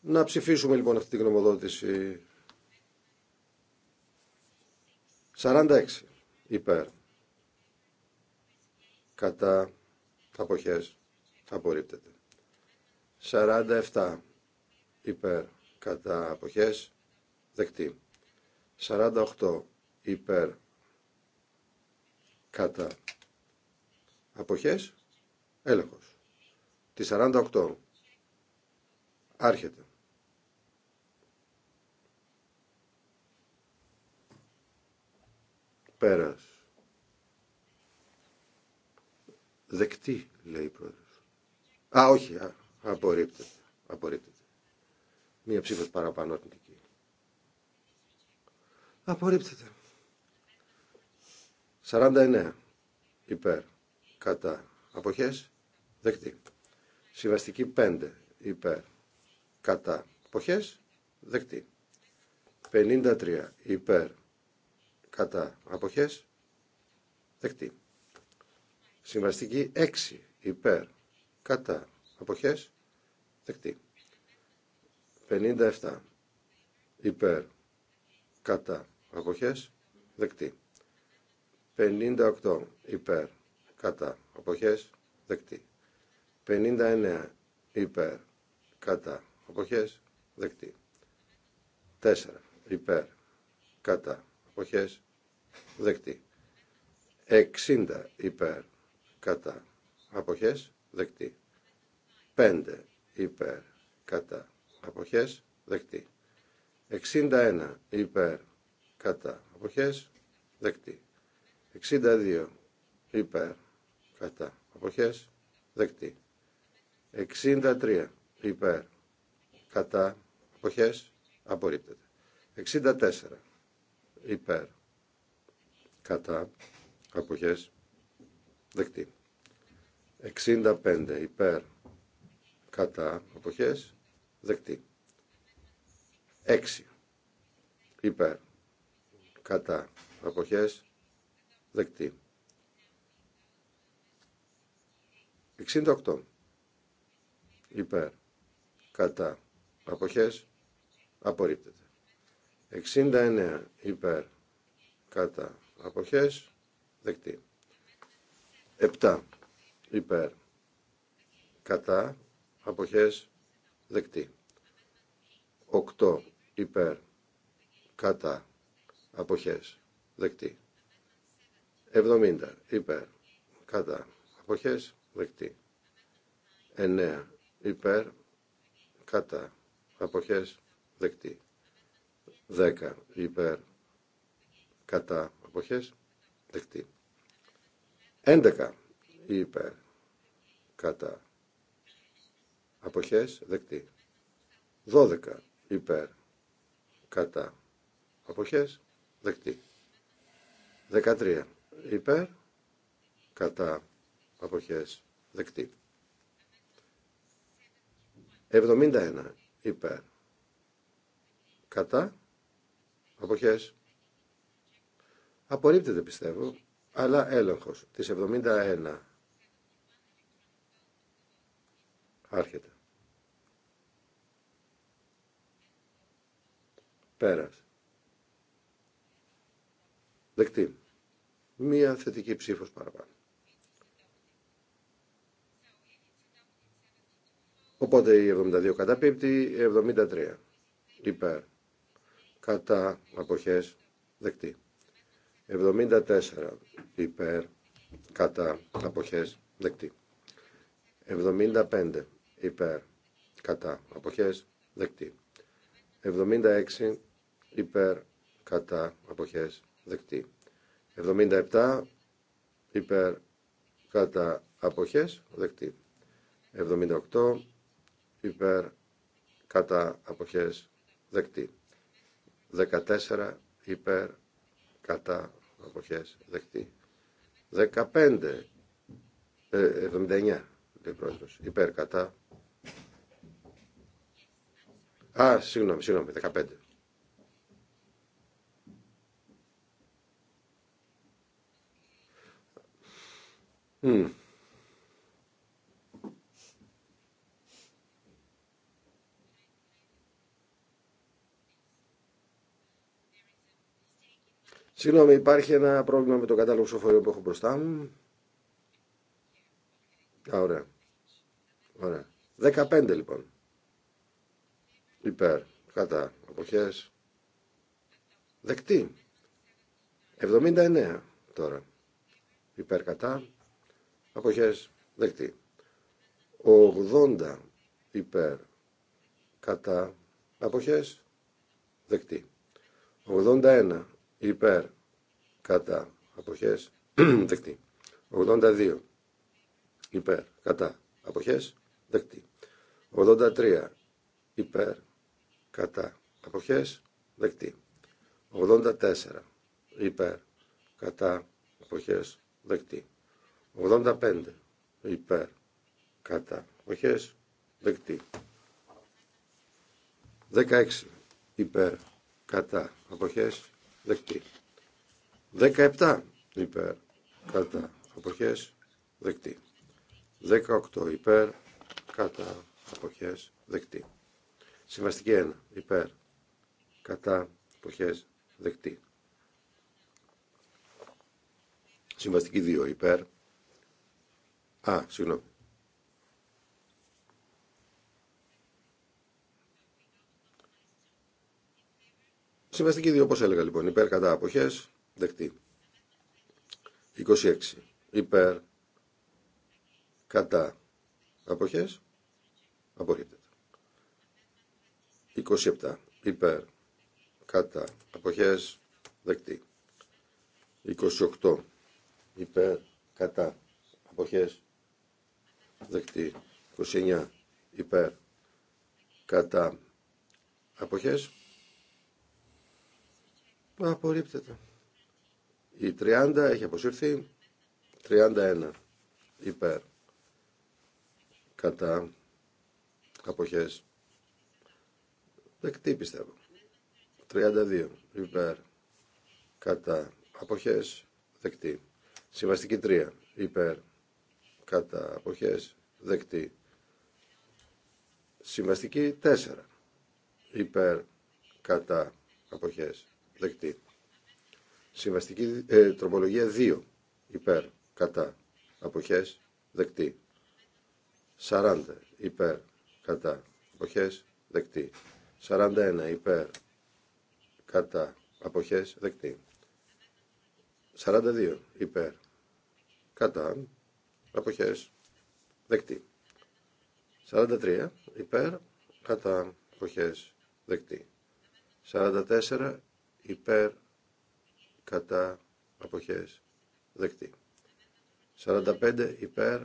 να ψηφίσουμε λοιπόν αυτή την γνωμοδότηση 46 υπέρ κατά αποχές απορρίπτεται 47 υπέρ κατά αποχές δεκτή 48 υπέρ κατά αποχές έλεγχος τη 48 άρχεται Πέρας. Δεκτή, λέει η πρόεδρο Α, όχι, α, απορρίπτεται. Μία ψήφος παραπάνω Απορρίπτεται. 49. Υπέρ. Κατά. Αποχές. Δεκτή. Συμβαστική 5. Υπέρ. Κατά. Αποχές. Δεκτή. 53. Υπέρ κατά αποχές δεκτή. Συμβαστική 6 υπέρ κατά αποχές δεκτή. 57 υπέρ κατά αποχές δεκτή. 58 υπέρ κατά αποχές δεκτή. 59 υπέρ κατά αποχές δεκτή. 4 υπέρ κατά αποχές δεκτή. 60 υπέρ κατά αποχές δεκτή. 5 υπέρ κατά αποχές δεκτή. 61 υπέρ κατά αποχές δεκτή. 62 υπέρ κατά αποχές δεκτή. 63 υπέρ κατά αποχές απορρίπτεται. 64 υπέρ κατά αποχές δεκτή 65 υπέρ κατά αποχές δεκτή 6 υπέρ κατά αποχές δεκτή 68 υπέρ κατά αποχές απορρίπτεται 69 υπέρ κατά αποχές δεκτή 7 υπέρ κατά αποχές δεκτή 8 υπέρ κατά αποχές δεκτή 70 υπέρ κατά αποχές δεκτή 9 υπέρ κατά αποχές δεκτή 10 υπέρ κατά αποχές δεκτή 11 υπέρ κατά αποχές δεκτή 12 υπέρ κατά αποχές δεκτή 13 υπέρ κατά αποχές δεκτή 71 υπέρ κατά αποχές Απορρίπτεται πιστεύω, αλλά έλεγχος. Της 71. Άρχεται. Πέρας. Δεκτή. Μία θετική ψήφος παραπάνω. Οπότε η 72 καταπίπτει, 73 υπέρ. Κατά αποχές δεκτή. 74 υπέρ κατά αποχές δεκτή. 75 υπέρ κατά αποχές δεκτή. 76 υπέρ κατά αποχές δεκτή. 77 υπέρ κατά αποχές δεκτή. 78 υπέρ κατά αποχές δεκτή. 14 υπέρ κατά αποχές δεκτή. 15, ε, 79, λέει πρόεδρος, υπέρ κατά. Α, συγγνώμη, συγγνώμη, 15. Mm. Συγγνώμη, υπάρχει ένα πρόβλημα με το κατάλογο ψηφοφορίων που έχω μπροστά μου. Α, ωραία. Ωραία. 15 λοιπόν. Υπέρ. Κατά. Αποχές. Δεκτή. 79 τώρα. Υπέρ κατά. Αποχές. Δεκτή. 80 υπέρ κατά. Αποχές. Δεκτή. 81 υπέρ κατά αποχές δεκτή. 82 υπέρ κατά αποχές δεκτή. 83 υπέρ κατά αποχές δεκτή. 84 υπέρ κατά αποχές δεκτή. 85 υπέρ κατά αποχές δεκτή. 16 υπέρ κατά αποχές δεκτή. 17 υπέρ κατά αποχές δεκτή. 18 υπέρ κατά αποχές δεκτή. Συμβαστική 1 υπέρ κατά αποχές δεκτή. Συμβαστική 2 υπέρ. Α, συγγνώμη. Συμβαστική δύο, όπως έλεγα λοιπόν, υπέρ κατά αποχές, δεκτή. 26. Υπέρ κατά αποχέ, απορρίπτεται. 27. Υπέρ κατά αποχές, δεκτή. 28. Υπέρ κατά αποχές, δεκτή. 29. Υπέρ κατά αποχές, Απορρίπτεται. Η 30 έχει αποσύρθει. 31 υπέρ. Κατά. Αποχές. Δεκτή πιστεύω. 32 υπέρ. Κατά. Αποχές. Δεκτή. Συμβαστική 3 υπέρ. Κατά. Αποχές. Δεκτή. Συμβαστική 4 υπέρ. Κατά. Αποχές δεκτή. Συμβαστική ε, τροπολογία 2 υπέρ κατά αποχές δεκτή. 40 υπέρ κατά αποχές δεκτή. 41 υπέρ κατά αποχές δεκτή. 42 υπέρ κατά αποχές δεκτή. 43 υπέρ κατά αποχές δεκτή. 44 υπέρ κατά αποχές δεκτή. 45 υπέρ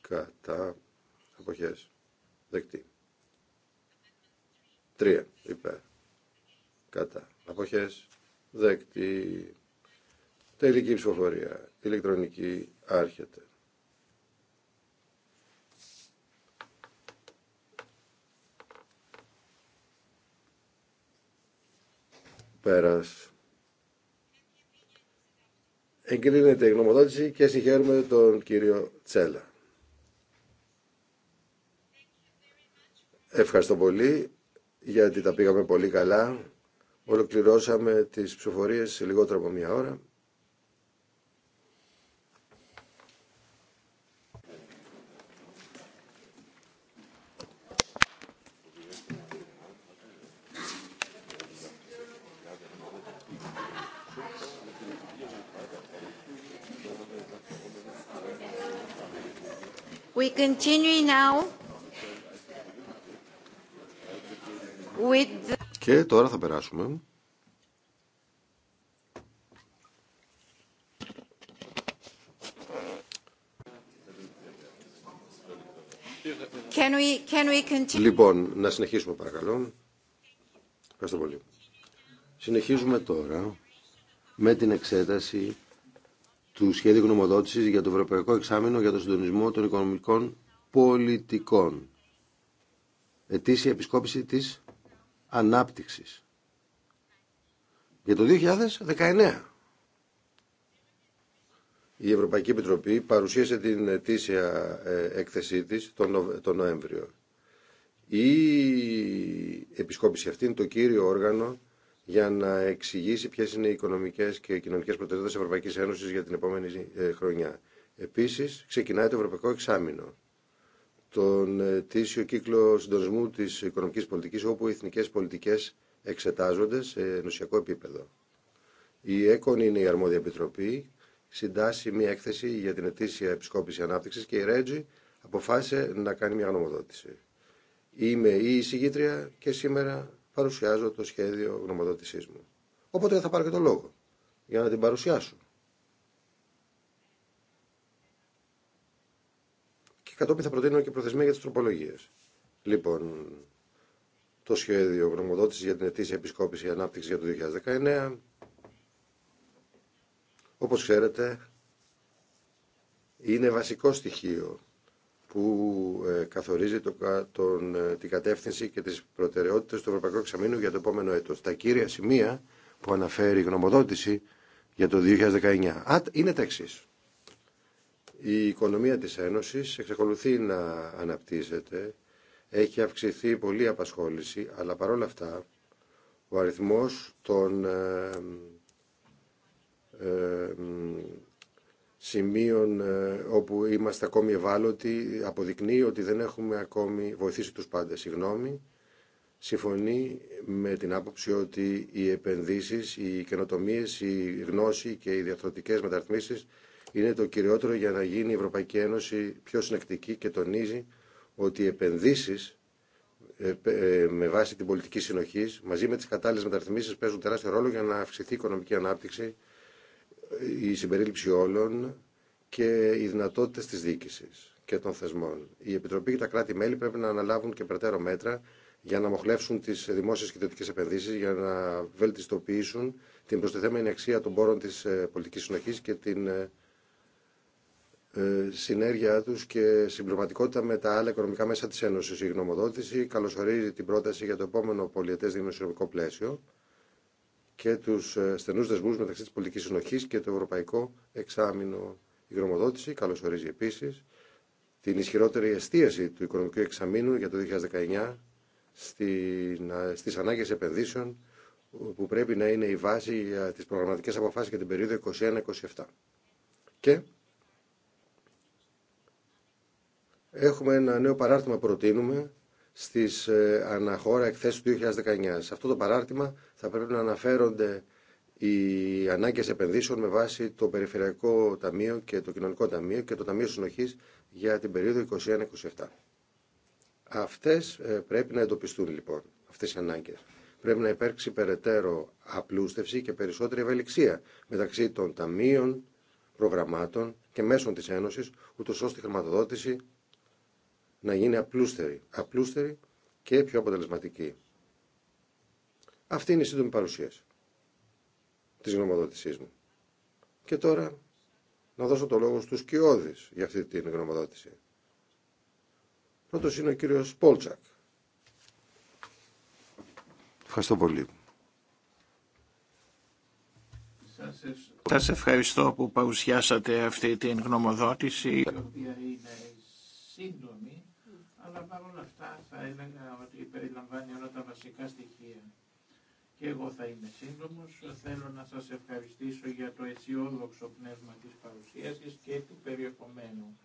κατά αποχές δεκτή. 3 υπέρ κατά αποχές δεκτή. Τελική ψηφοφορία ηλεκτρονική άρχεται. Πέρας. Εγκρίνεται η γνωμοδότηση και συγχαίρουμε τον κύριο Τσέλα. Ευχαριστώ πολύ γιατί τα πήγαμε πολύ καλά. Ολοκληρώσαμε τις ψηφοφορίες σε λιγότερο από μία ώρα. We continue now with Και τώρα θα περάσουμε Can we, can we continue? Λοιπόν, να συνεχίσουμε παρακαλώ. Ευχαριστώ πολύ. Συνεχίζουμε τώρα με την εξέταση του σχέδιου γνωμοδότηση για το Ευρωπαϊκό Εξάμεινο για τον συντονισμό των οικονομικών πολιτικών. Ετήσια επισκόπηση της ανάπτυξης. Για το 2019. Η Ευρωπαϊκή Επιτροπή παρουσίασε την ετήσια ε, έκθεσή της τον, τον Νοέμβριο. Η επισκόπηση αυτή είναι το κύριο όργανο για να εξηγήσει ποιε είναι οι οικονομικέ και κοινωνικέ προτεραιότητε τη Ευρωπαϊκή Ένωση για την επόμενη ε, χρονιά. Επίση, ξεκινάει το Ευρωπαϊκό Εξάμεινο, τον ε, τήσιο κύκλο συντονισμού τη οικονομική πολιτική, όπου οι εθνικέ πολιτικέ εξετάζονται σε ενωσιακό επίπεδο. Η ΕΚΟΝ είναι η αρμόδια επιτροπή, συντάσσει μία έκθεση για την ετήσια επισκόπηση ανάπτυξη και η Ρέτζη αποφάσισε να κάνει μια γνωμοδότηση. Είμαι η εισηγήτρια και σήμερα παρουσιάζω το σχέδιο γνωμοδότησής μου. Οπότε θα πάρω και το λόγο για να την παρουσιάσω. Και κατόπιν θα προτείνω και προθεσμία για τις τροπολογίες. Λοιπόν, το σχέδιο γνωμοδότηση για την ετήσια επισκόπηση ανάπτυξη για το 2019. Όπως ξέρετε, είναι βασικό στοιχείο που ε, καθορίζει τον, ε, την κατεύθυνση και τις προτεραιότητες του Ευρωπαϊκού Εξαμήνου για το επόμενο έτος. Τα κύρια σημεία που αναφέρει η γνωμοδότηση για το 2019 Α, είναι τα εξή. Η οικονομία της Ένωσης εξακολουθεί να αναπτύσσεται, έχει αυξηθεί πολλή απασχόληση, αλλά παρόλα αυτά ο αριθμός των ε, σημείων ε, όπου είμαστε ακόμη ευάλωτοι αποδεικνύει ότι δεν έχουμε ακόμη βοηθήσει τους πάντες. Συγγνώμη, γνώμη συμφωνεί με την άποψη ότι οι επενδύσεις, οι καινοτομίες, η γνώση και οι διαθροτικές μεταρρυθμίσεις είναι το κυριότερο για να γίνει η Ευρωπαϊκή Ένωση πιο συνεκτική και τονίζει ότι οι επενδύσεις ε, ε, με βάση την πολιτική συνοχή μαζί με τις κατάλληλες μεταρρυθμίσεις παίζουν τεράστιο ρόλο για να αυξηθεί η οικονομική ανάπτυξη η συμπερίληψη όλων και οι δυνατότητε τη διοίκηση και των θεσμών. Η Επιτροπή και τα κράτη-μέλη πρέπει να αναλάβουν και περαιτέρω μέτρα για να μοχλεύσουν τι δημόσιε και ιδιωτικέ επενδύσει, για να βελτιστοποιήσουν την προστιθέμενη αξία των πόρων τη ε, πολιτική συνοχή και την ε, ε, συνέργειά τους και συμπληρωματικότητα με τα άλλα οικονομικά μέσα της Ένωσης. Η γνωμοδότηση καλωσορίζει την πρόταση για το επόμενο πολιετές δημοσιονομικό πλαίσιο και του ε, στενού δεσμού μεταξύ της πολιτικής συνοχή και το ευρωπαϊκό εξάμεινο. Η γνωμοδότηση καλωσορίζει επίσης την ισχυρότερη εστίαση του οικονομικού εξαμήνου για το 2019 στι ανάγκε επενδύσεων που πρέπει να είναι η βάση για τι προγραμματικέ αποφάσει για την περιοδο 2021 2021-2027. Και έχουμε ένα νέο παράρτημα που προτείνουμε στις ε, αναχώρα εκθέσεις του 2019. Σε αυτό το παράρτημα θα πρέπει να αναφέρονται οι ανάγκες επενδύσεων με βάση το Περιφερειακό Ταμείο και το Κοινωνικό Ταμείο και το Ταμείο Συνοχής για την περίοδο 2021-2027. Αυτές ε, πρέπει να εντοπιστούν λοιπόν, αυτές οι ανάγκες. Πρέπει να υπάρξει περαιτέρω απλούστευση και περισσότερη ευελιξία μεταξύ των ταμείων, προγραμμάτων και μέσων τη Ένωση, ούτω ώστε η χρηματοδότηση να γίνει απλούστερη, απλούστερη και πιο αποτελεσματική. Αυτή είναι η σύντομη παρουσίαση της γνωμοδότησής μου. Και τώρα να δώσω το λόγο στους κοιόδης για αυτή την γνωμοδότηση. Πρώτος είναι ο κύριος Πόλτσακ. Ευχαριστώ πολύ. Σας ευχαριστώ που παρουσιάσατε αυτή την γνωμοδότηση, η οποία είναι σύντομη Όλα αυτά θα έλεγα ότι περιλαμβάνει όλα τα βασικά στοιχεία. Και εγώ θα είμαι σύντομο. Θέλω να σας ευχαριστήσω για το αισιόδοξο πνεύμα της παρουσίασης και του περιεχομένου.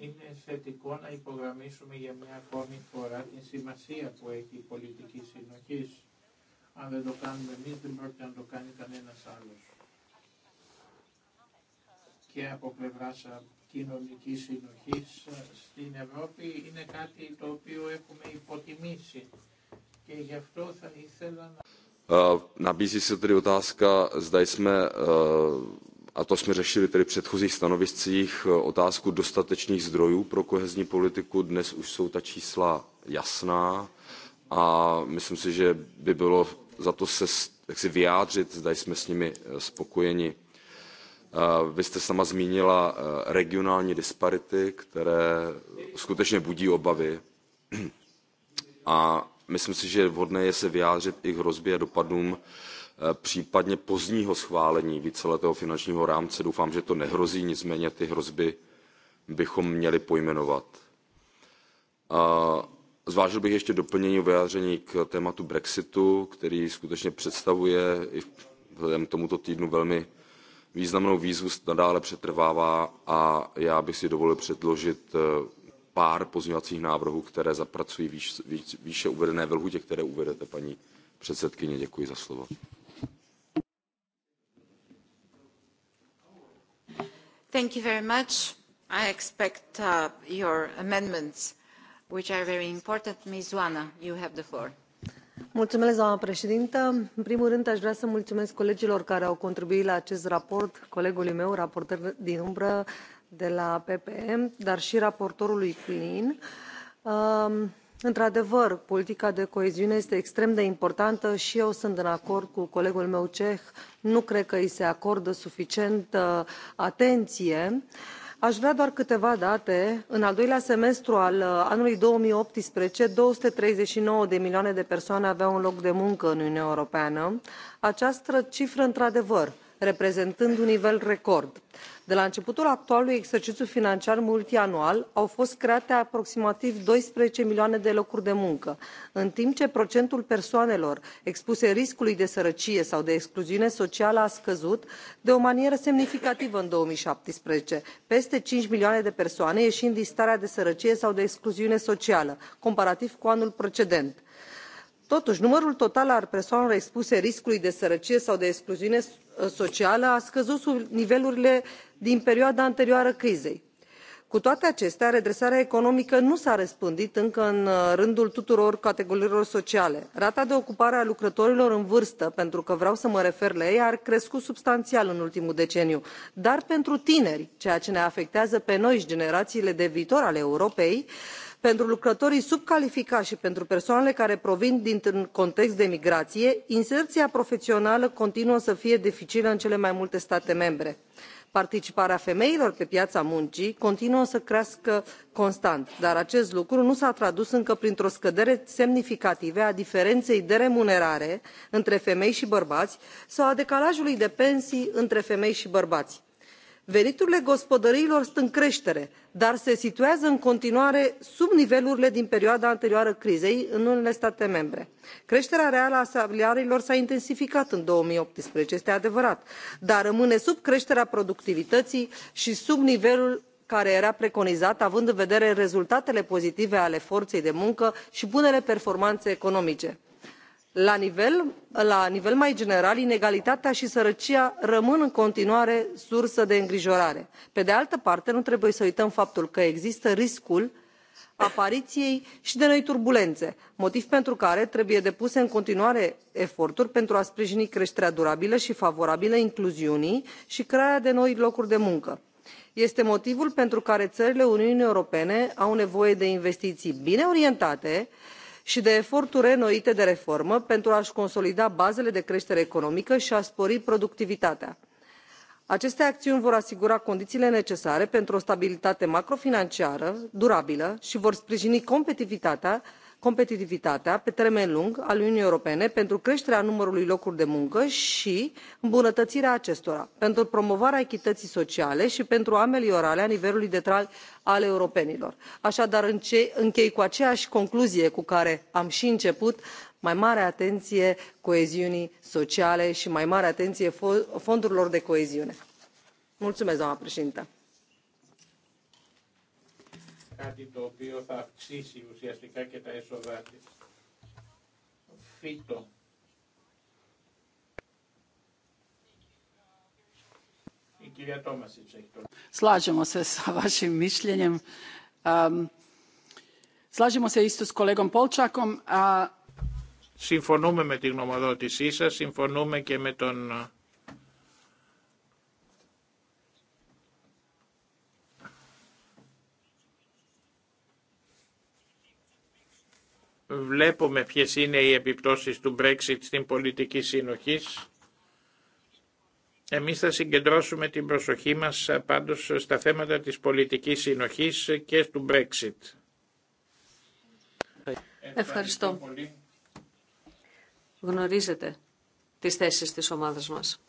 Είναι θετικό να υπογραμμίσουμε για μια ακόμη φορά την σημασία που έχει η πολιτική συνοχή. Αν δεν το κάνουμε εμείς δεν πρόκειται να το κάνει κανένας άλλος. Και από πλευρά κοινωνικής συνοχής στην Ευρώπη είναι κάτι το οποίο έχουμε υποτιμήσει και γι' αυτό θα ήθελα να... Nabízí se tedy otázka, zda jsme, a to jsme řešili tedy v předchozích stanoviscích, otázku dostatečných zdrojů pro kohezní politiku. Dnes už jsou ta čísla jasná a myslím si, že by bylo za to se jaksi vyjádřit, zda jsme s nimi spokojeni Vy jste sama zmínila regionální disparity, které skutečně budí obavy. A myslím si, že je vhodné je se vyjádřit i k hrozbě a dopadům případně pozdního schválení víceletého finančního rámce. Doufám, že to nehrozí, nicméně ty hrozby bychom měli pojmenovat. Zvážil bych ještě doplnění vyjádření k tématu Brexitu, který skutečně představuje i vzhledem tomuto týdnu velmi významnou výzvu nadále přetrvává a já bych si dovolil předložit pár pozměňovacích návrhů, které zapracují výše uvedené v lhutě, které uvedete, paní předsedkyně. Děkuji za slovo. Thank you very much. I expect your amendments, which are very important. Ms. you have the floor doamnă președintă în primul rând aș vrea să mulțumesc colegilor care au contribuit la acest raport colegului meu raportor din umbră de la ppe dar și raportorului klein. într adevăr politica de coeziune este extrem de importantă și eu sunt în acord cu colegul meu ceh nu cred că îi se acordă suficientă atenție și Aș vrea doar câteva date. În al doilea semestru al anului 2018, 239 de milioane de persoane aveau un loc de muncă în Uniunea Europeană. Această cifră, într-adevăr, reprezentând un nivel record. de la începutul actualului exercițiu financiar multianual au fost create aproximativ 12 milioane de locuri de muncă în timp ce procentul persoanelor expuse riscului de sărăcie sau de excluziune socială a scăzut de o manieră semnificativă în două mii peste cinci milioane de persoane ieșind din starea de sărăcie sau de excluziune socială comparativ cu anul precedent totuși numărul total al persoanelor expuse riscului de sărăcie sau de excluziune socială a scăzut sub nivelurile din perioada anterioară crizei. cu toate acestea redresarea economică nu s a răspândit încă în rândul tuturor categoriilor sociale. rata de ocupare a lucrătorilor în vârstă pentru că vreau să mă refer la ei a crescut substanțial în ultimul deceniu dar pentru tineri ceea ce ne afectează pe noi și generațiile de viitor ale europei pentru lucrătorii subcalificați și pentru persoanele care provin dintr-un context de migrație, inserția profesională continuă să fie dificilă în cele mai multe state membre. Participarea femeilor pe piața muncii continuă să crească constant, dar acest lucru nu s-a tradus încă printr-o scădere semnificativă a diferenței de remunerare între femei și bărbați sau a decalajului de pensii între femei și bărbați veniturile gospodăriilor sunt în creștere dar se situează în continuare sub nivelurile din perioada anterioară crizei în unele state membre. creșterea reală a salariilor s a intensificat în două mii este adevărat dar rămâne sub creșterea productivității și sub nivelul care era preconizat având în vedere rezultatele pozitive ale forței de muncă și bunele performanțe economice la nivel mai general inegalitatea și sărăcia rămân în continuare sursă de îngrijorare. pe de altă parte nu trebuie să uităm faptul că există riscul apariției și de noi turbulențe motiv pentru care trebuie depuse în continuare eforturi pentru a sprijini creșterea durabilă și favorabilă incluziunii și crearea de noi locuri de muncă. este motivul pentru care țările uniunii europene au nevoie de investiții bine orientate și de eforturi reînnoite de reformă pentru a și consolida bazele de creștere economică și a spori productivitatea. aceste acțiuni vor asigura condițiile necesare pentru o stabilitate macrofinanciară durabilă și vor sprijini competitivitatea competitivitatea pe termen lung al uniunii europene pentru creșterea numărului locurilor de muncă și îmbunătățirea acestora pentru promovarea echității sociale și pentru ameliorarea nivelului de trai al europenilor. așadar închei cu aceeași concluzie cu care am și început mai mare atenție coeziunii sociale și mai mare atenție fondurilor de coeziune. mulțumesc doamnă președintă κάτι το οποίο θα αυξήσει ουσιαστικά και τα έσοδά τη. Φύτο. Συμφωνούμε με τη γνωμοδότησή σας, συμφωνούμε και με τον Βλέπουμε ποιες είναι οι επιπτώσεις του Brexit στην πολιτική συνοχής. Εμείς θα συγκεντρώσουμε την προσοχή μας πάντως στα θέματα της πολιτικής συνοχής και του Brexit. Ευχαριστώ. Πολύ. Γνωρίζετε τις θέσεις της ομάδας μας.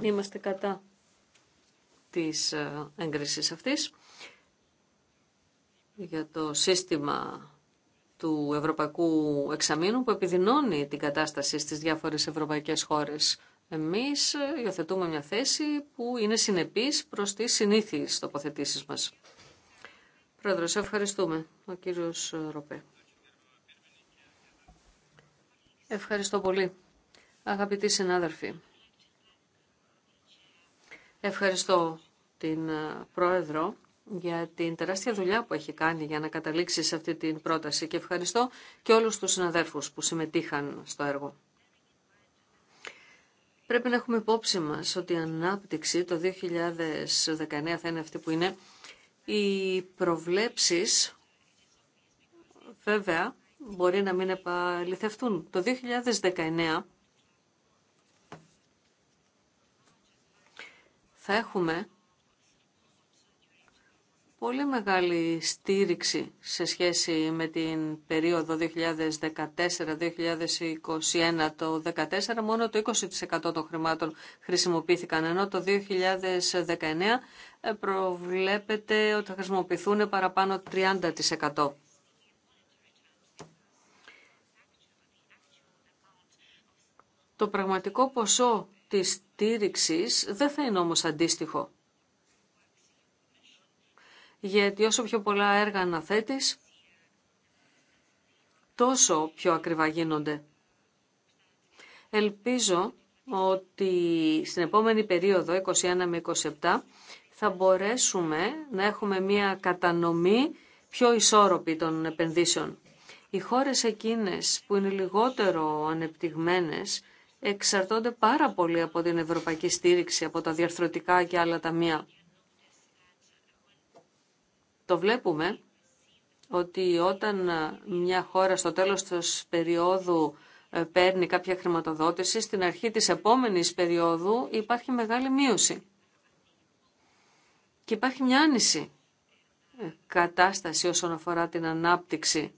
Είμαστε κατά της ε, έγκρισης αυτής για το σύστημα του Ευρωπαϊκού Εξαμήνου που επιδεινώνει την κατάσταση στις διάφορες ευρωπαϊκές χώρες. Εμείς ε, υιοθετούμε μια θέση που είναι συνεπής προς τις συνήθειες τοποθετήσεις μας. Πρόεδρος, ευχαριστούμε. Ο κύριος ε, Ροπέ. Ευχαριστώ πολύ. Αγαπητοί συνάδελφοι, ευχαριστώ την ε, Πρόεδρο για την τεράστια δουλειά που έχει κάνει για να καταλήξει σε αυτή την πρόταση και ευχαριστώ και όλους τους συναδέρφους που συμμετείχαν στο έργο. Πρέπει να έχουμε υπόψη μας ότι η ανάπτυξη το 2019 θα είναι αυτή που είναι. Οι προβλέψεις βέβαια μπορεί να μην επαληθευτούν. Το 2019 θα έχουμε πολύ μεγάλη στήριξη σε σχέση με την περίοδο 2014-2021. Το 2014 μόνο το 20% των χρημάτων χρησιμοποιήθηκαν, ενώ το 2019 ε, προβλέπεται ότι θα χρησιμοποιηθούν παραπάνω 30%. Το πραγματικό ποσό της στήριξης δεν θα είναι όμως αντίστοιχο γιατί όσο πιο πολλά έργα αναθέτεις, τόσο πιο ακριβά γίνονται. Ελπίζω ότι στην επόμενη περίοδο, 21 με 27, θα μπορέσουμε να έχουμε μια κατανομή πιο ισόρροπη των επενδύσεων. Οι χώρες εκείνες που είναι λιγότερο ανεπτυγμένες εξαρτώνται πάρα πολύ από την ευρωπαϊκή στήριξη, από τα διαρθρωτικά και άλλα ταμεία. Το βλέπουμε ότι όταν ε, μια χώρα στο τέλος της περίοδου ε, παίρνει κάποια χρηματοδότηση, στην αρχή της επόμενης περίοδου υπάρχει μεγάλη μείωση. Και υπάρχει μια άνηση ε, κατάσταση όσον αφορά την ανάπτυξη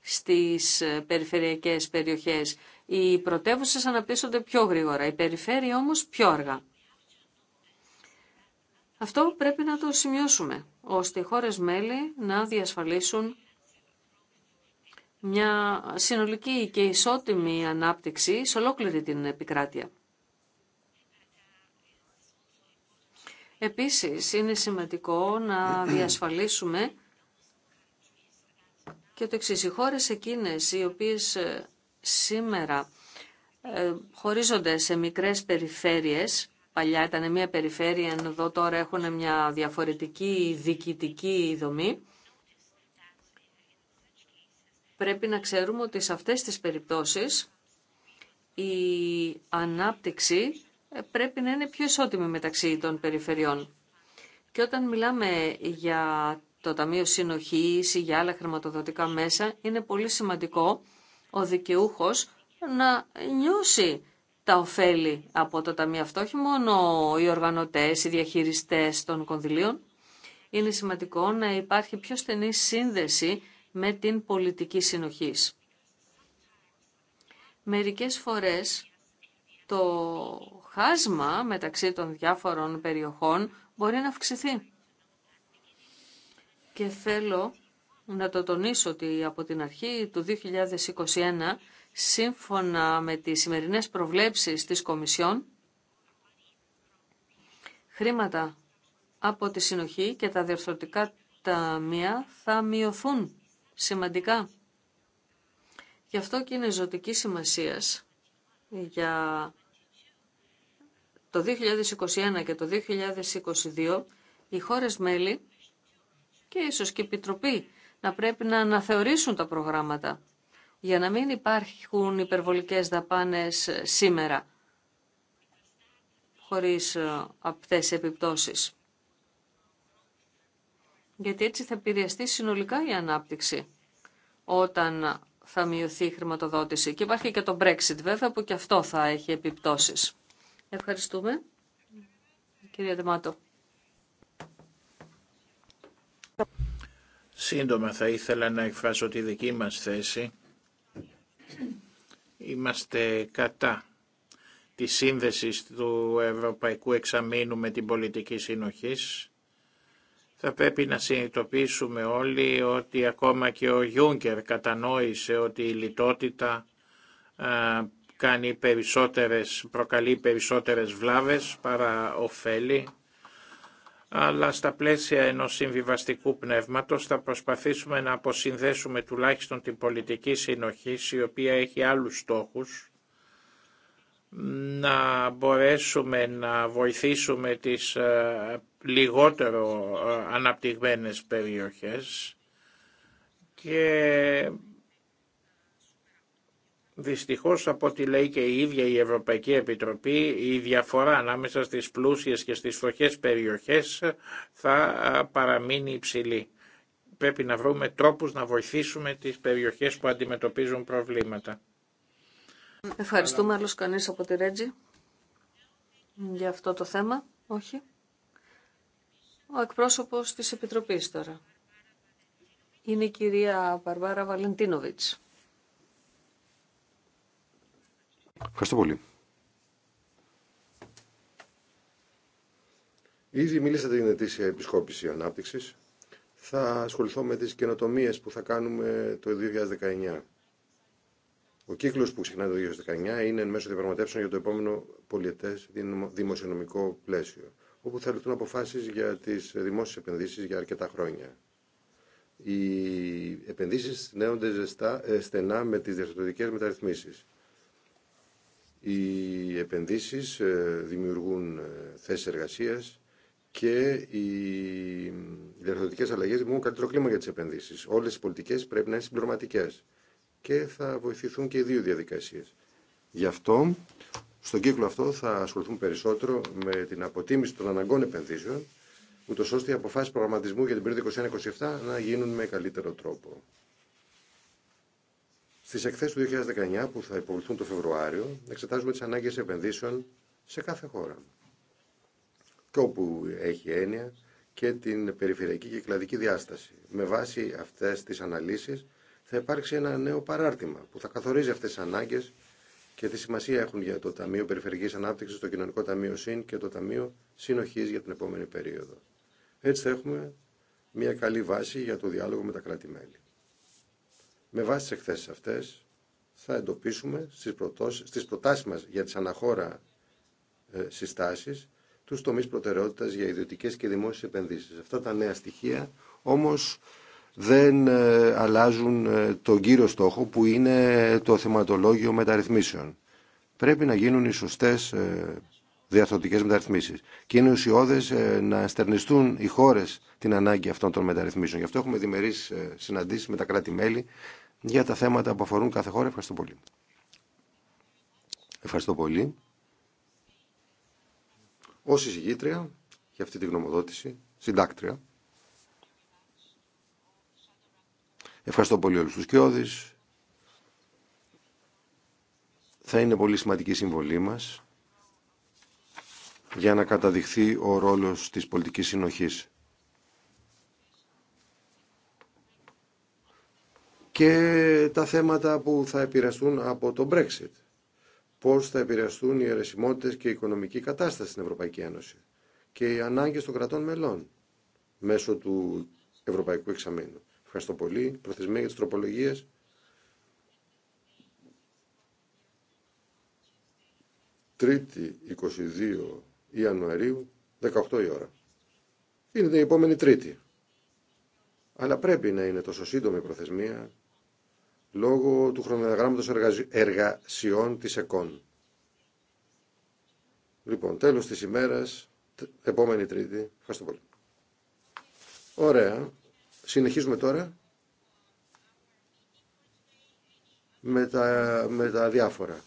στις περιφερειακές περιοχές. Οι πρωτεύουσες αναπτύσσονται πιο γρήγορα, η περιφέρεια όμως πιο αργά. Αυτό πρέπει να το σημειώσουμε, ώστε οι χώρες μέλη να διασφαλίσουν μια συνολική και ισότιμη ανάπτυξη σε ολόκληρη την επικράτεια. Επίσης, είναι σημαντικό να διασφαλίσουμε και το εξής. Οι χώρες εκείνες οι οποίες ε, σήμερα ε, χωρίζονται σε μικρές περιφέρειες Παλιά ήταν μια περιφέρεια, εδώ τώρα έχουν μια διαφορετική διοικητική δομή. Πρέπει να ξέρουμε ότι σε αυτές τις περιπτώσεις η ανάπτυξη ε, πρέπει να είναι πιο ισότιμη μεταξύ των περιφερειών. Και όταν μιλάμε για το Ταμείο Συνοχής ή για άλλα χρηματοδοτικά μέσα, είναι πολύ σημαντικό ο δικαιούχος να νιώσει τα ωφέλη από το ταμείο αυτό, όχι μόνο οι οργανωτές, οι διαχειριστές των κονδυλίων. Είναι σημαντικό να υπάρχει πιο στενή σύνδεση με την πολιτική συνοχής. Μερικές φορές το χάσμα μεταξύ των διάφορων περιοχών μπορεί να αυξηθεί. Και θέλω να το τονίσω ότι από την αρχή του 2021 Σύμφωνα με τις σημερινές προβλέψεις της Κομισιόν, χρήματα από τη συνοχή και τα διορθωτικά ταμεία θα μειωθούν σημαντικά. Γι' αυτό και είναι ζωτική σημασία για το 2021 και το 2022 οι χώρες μέλη και ίσως και η Επιτροπή να πρέπει να αναθεωρήσουν τα προγράμματα για να μην υπάρχουν υπερβολικές δαπάνες σήμερα, χωρίς ε, απτές επιπτώσεις. Γιατί έτσι θα επηρεαστεί συνολικά η ανάπτυξη όταν θα μειωθεί η χρηματοδότηση. Και υπάρχει και το Brexit βέβαια που και αυτό θα έχει επιπτώσεις. Ευχαριστούμε. Κυρία Δεμάτο. Σύντομα θα ήθελα να εκφράσω τη δική μας θέση Είμαστε κατά τη σύνδεση του Ευρωπαϊκού Εξαμήνου με την πολιτική συνοχής. Θα πρέπει να συνειδητοποιήσουμε όλοι ότι ακόμα και ο Γιούγκερ κατανόησε ότι η λιτότητα κάνει περισσότερες, προκαλεί περισσότερες βλάβες παρά ωφέλη αλλά στα πλαίσια ενός συμβιβαστικού πνεύματος θα προσπαθήσουμε να αποσυνδέσουμε τουλάχιστον την πολιτική συνοχή, η οποία έχει άλλους στόχους, να μπορέσουμε να βοηθήσουμε τις ε, λιγότερο ε, αναπτυγμένες περιοχές και Δυστυχώς από ό,τι λέει και η ίδια η Ευρωπαϊκή Επιτροπή η διαφορά ανάμεσα στις πλούσιες και στις φτωχές περιοχές θα παραμείνει υψηλή. Πρέπει να βρούμε τρόπους να βοηθήσουμε τις περιοχές που αντιμετωπίζουν προβλήματα. Ευχαριστούμε άλλος κανείς από τη Ρέτζη για αυτό το θέμα. Όχι. Ο εκπρόσωπος της Επιτροπής τώρα. Είναι η κυρία Παρβάρα Βαλεντίνοβιτς. Ευχαριστώ πολύ. Ήδη μίλησατε για την ετήσια επισκόπηση ανάπτυξη. Θα ασχοληθώ με τι καινοτομίε που θα κάνουμε το 2019. Ο κύκλο που ξεκινάει το 2019 είναι εν μέσω διαπραγματεύσεων για το επόμενο πολιετέ δημοσιονομικό πλαίσιο, όπου θα ληφθούν αποφάσει για τι δημόσιε επενδύσει για αρκετά χρόνια. Οι επενδύσει συνέονται ε, στενά με τι διαστατικέ μεταρρυθμίσει. Οι επενδύσεις ε, δημιουργούν ε, θέσεις εργασίας και οι διαρθρωτικές αλλαγές δημιουργούν καλύτερο κλίμα για τις επενδύσεις. Όλες οι πολιτικές πρέπει να είναι συμπληρωματικές και θα βοηθηθούν και οι δύο διαδικασίες. Γι' αυτό στον κύκλο αυτό θα ασχοληθούν περισσότερο με την αποτίμηση των αναγκών επενδύσεων, ούτως ώστε οι αποφάσεις προγραμματισμού για την περίοδο 2021-2027 να γίνουν με καλύτερο τρόπο. Στι εκθέσει του 2019 που θα υποβληθούν το Φεβρουάριο, εξετάζουμε τι ανάγκε επενδύσεων σε κάθε χώρα. Και όπου έχει έννοια και την περιφερειακή και κλαδική διάσταση. Με βάση αυτέ τι αναλύσει θα υπάρξει ένα νέο παράρτημα που θα καθορίζει αυτέ τι ανάγκε και τι σημασία έχουν για το Ταμείο Περιφερειακή ανάπτυξη το Κοινωνικό Ταμείο ΣΥΝ και το Ταμείο συνοχή για την επόμενη περίοδο. Έτσι θα έχουμε μια καλή βάση για το διάλογο με τα κράτη-μέλη. Με βάση τις εκθέσεις αυτές θα εντοπίσουμε στις, προτάσει στις προτάσεις μας για τις αναχώρα ε, συστάσεις τους τομείς προτεραιότητας για ιδιωτικές και δημόσιες επενδύσεις. Αυτά τα νέα στοιχεία όμως δεν ε, αλλάζουν ε, τον κύριο στόχο που είναι το θεματολόγιο μεταρρυθμίσεων. Πρέπει να γίνουν οι σωστές διαρθρωτικέ μεταρρυθμίσεις. Και είναι ουσιώδες ε, να στερνιστούν οι χώρες την ανάγκη αυτών των μεταρρυθμίσεων. Γι' αυτό έχουμε διμερείς ε, συναντήσεις με τα κράτη-μέλη για τα θέματα που αφορούν κάθε χώρα. Ευχαριστώ πολύ. Ευχαριστώ πολύ. Ω εισηγήτρια για αυτή τη γνωμοδότηση, συντάκτρια, Ευχαριστώ πολύ όλους τους Κιώδης. Θα είναι πολύ σημαντική συμβολή μας για να καταδειχθεί ο ρόλος της πολιτικής συνοχής. Και τα θέματα που θα επηρεαστούν από το Brexit. Πώς θα επηρεαστούν οι αιρεσιμότητες και η οικονομική κατάσταση στην Ευρωπαϊκή Ένωση και οι ανάγκες των κρατών μελών μέσω του Ευρωπαϊκού Εξαμήνου. Ευχαριστώ πολύ. Προθεσμία για τις τροπολογίες. Τρίτη 22 Ιανουαρίου, 18 η ώρα. Είναι την επόμενη Τρίτη. Αλλά πρέπει να είναι τόσο σύντομη η προθεσμία λόγω του χρονοδιαγράμματος εργασιών της ΕΚΟΝ. Λοιπόν, τέλος της ημέρας, επόμενη Τρίτη. Ευχαριστώ πολύ. Ωραία. Συνεχίζουμε τώρα με τα, με τα διάφορα.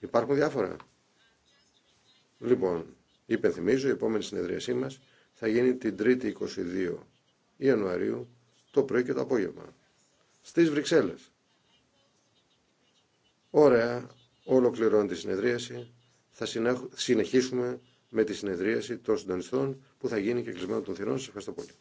Υπάρχουν διάφορα. Λοιπόν, υπενθυμίζω, η επόμενη συνεδρίασή μας θα γίνει την 3η 22 Ιανουαρίου το πρωί και το απόγευμα στις Βρυξέλλες. Ωραία, ολοκληρώνει τη συνεδρίαση. Θα συνεχίσουμε με τη συνεδρίαση των συντονιστών που θα γίνει και κλεισμένο των θυρών. Σα ευχαριστώ πολύ.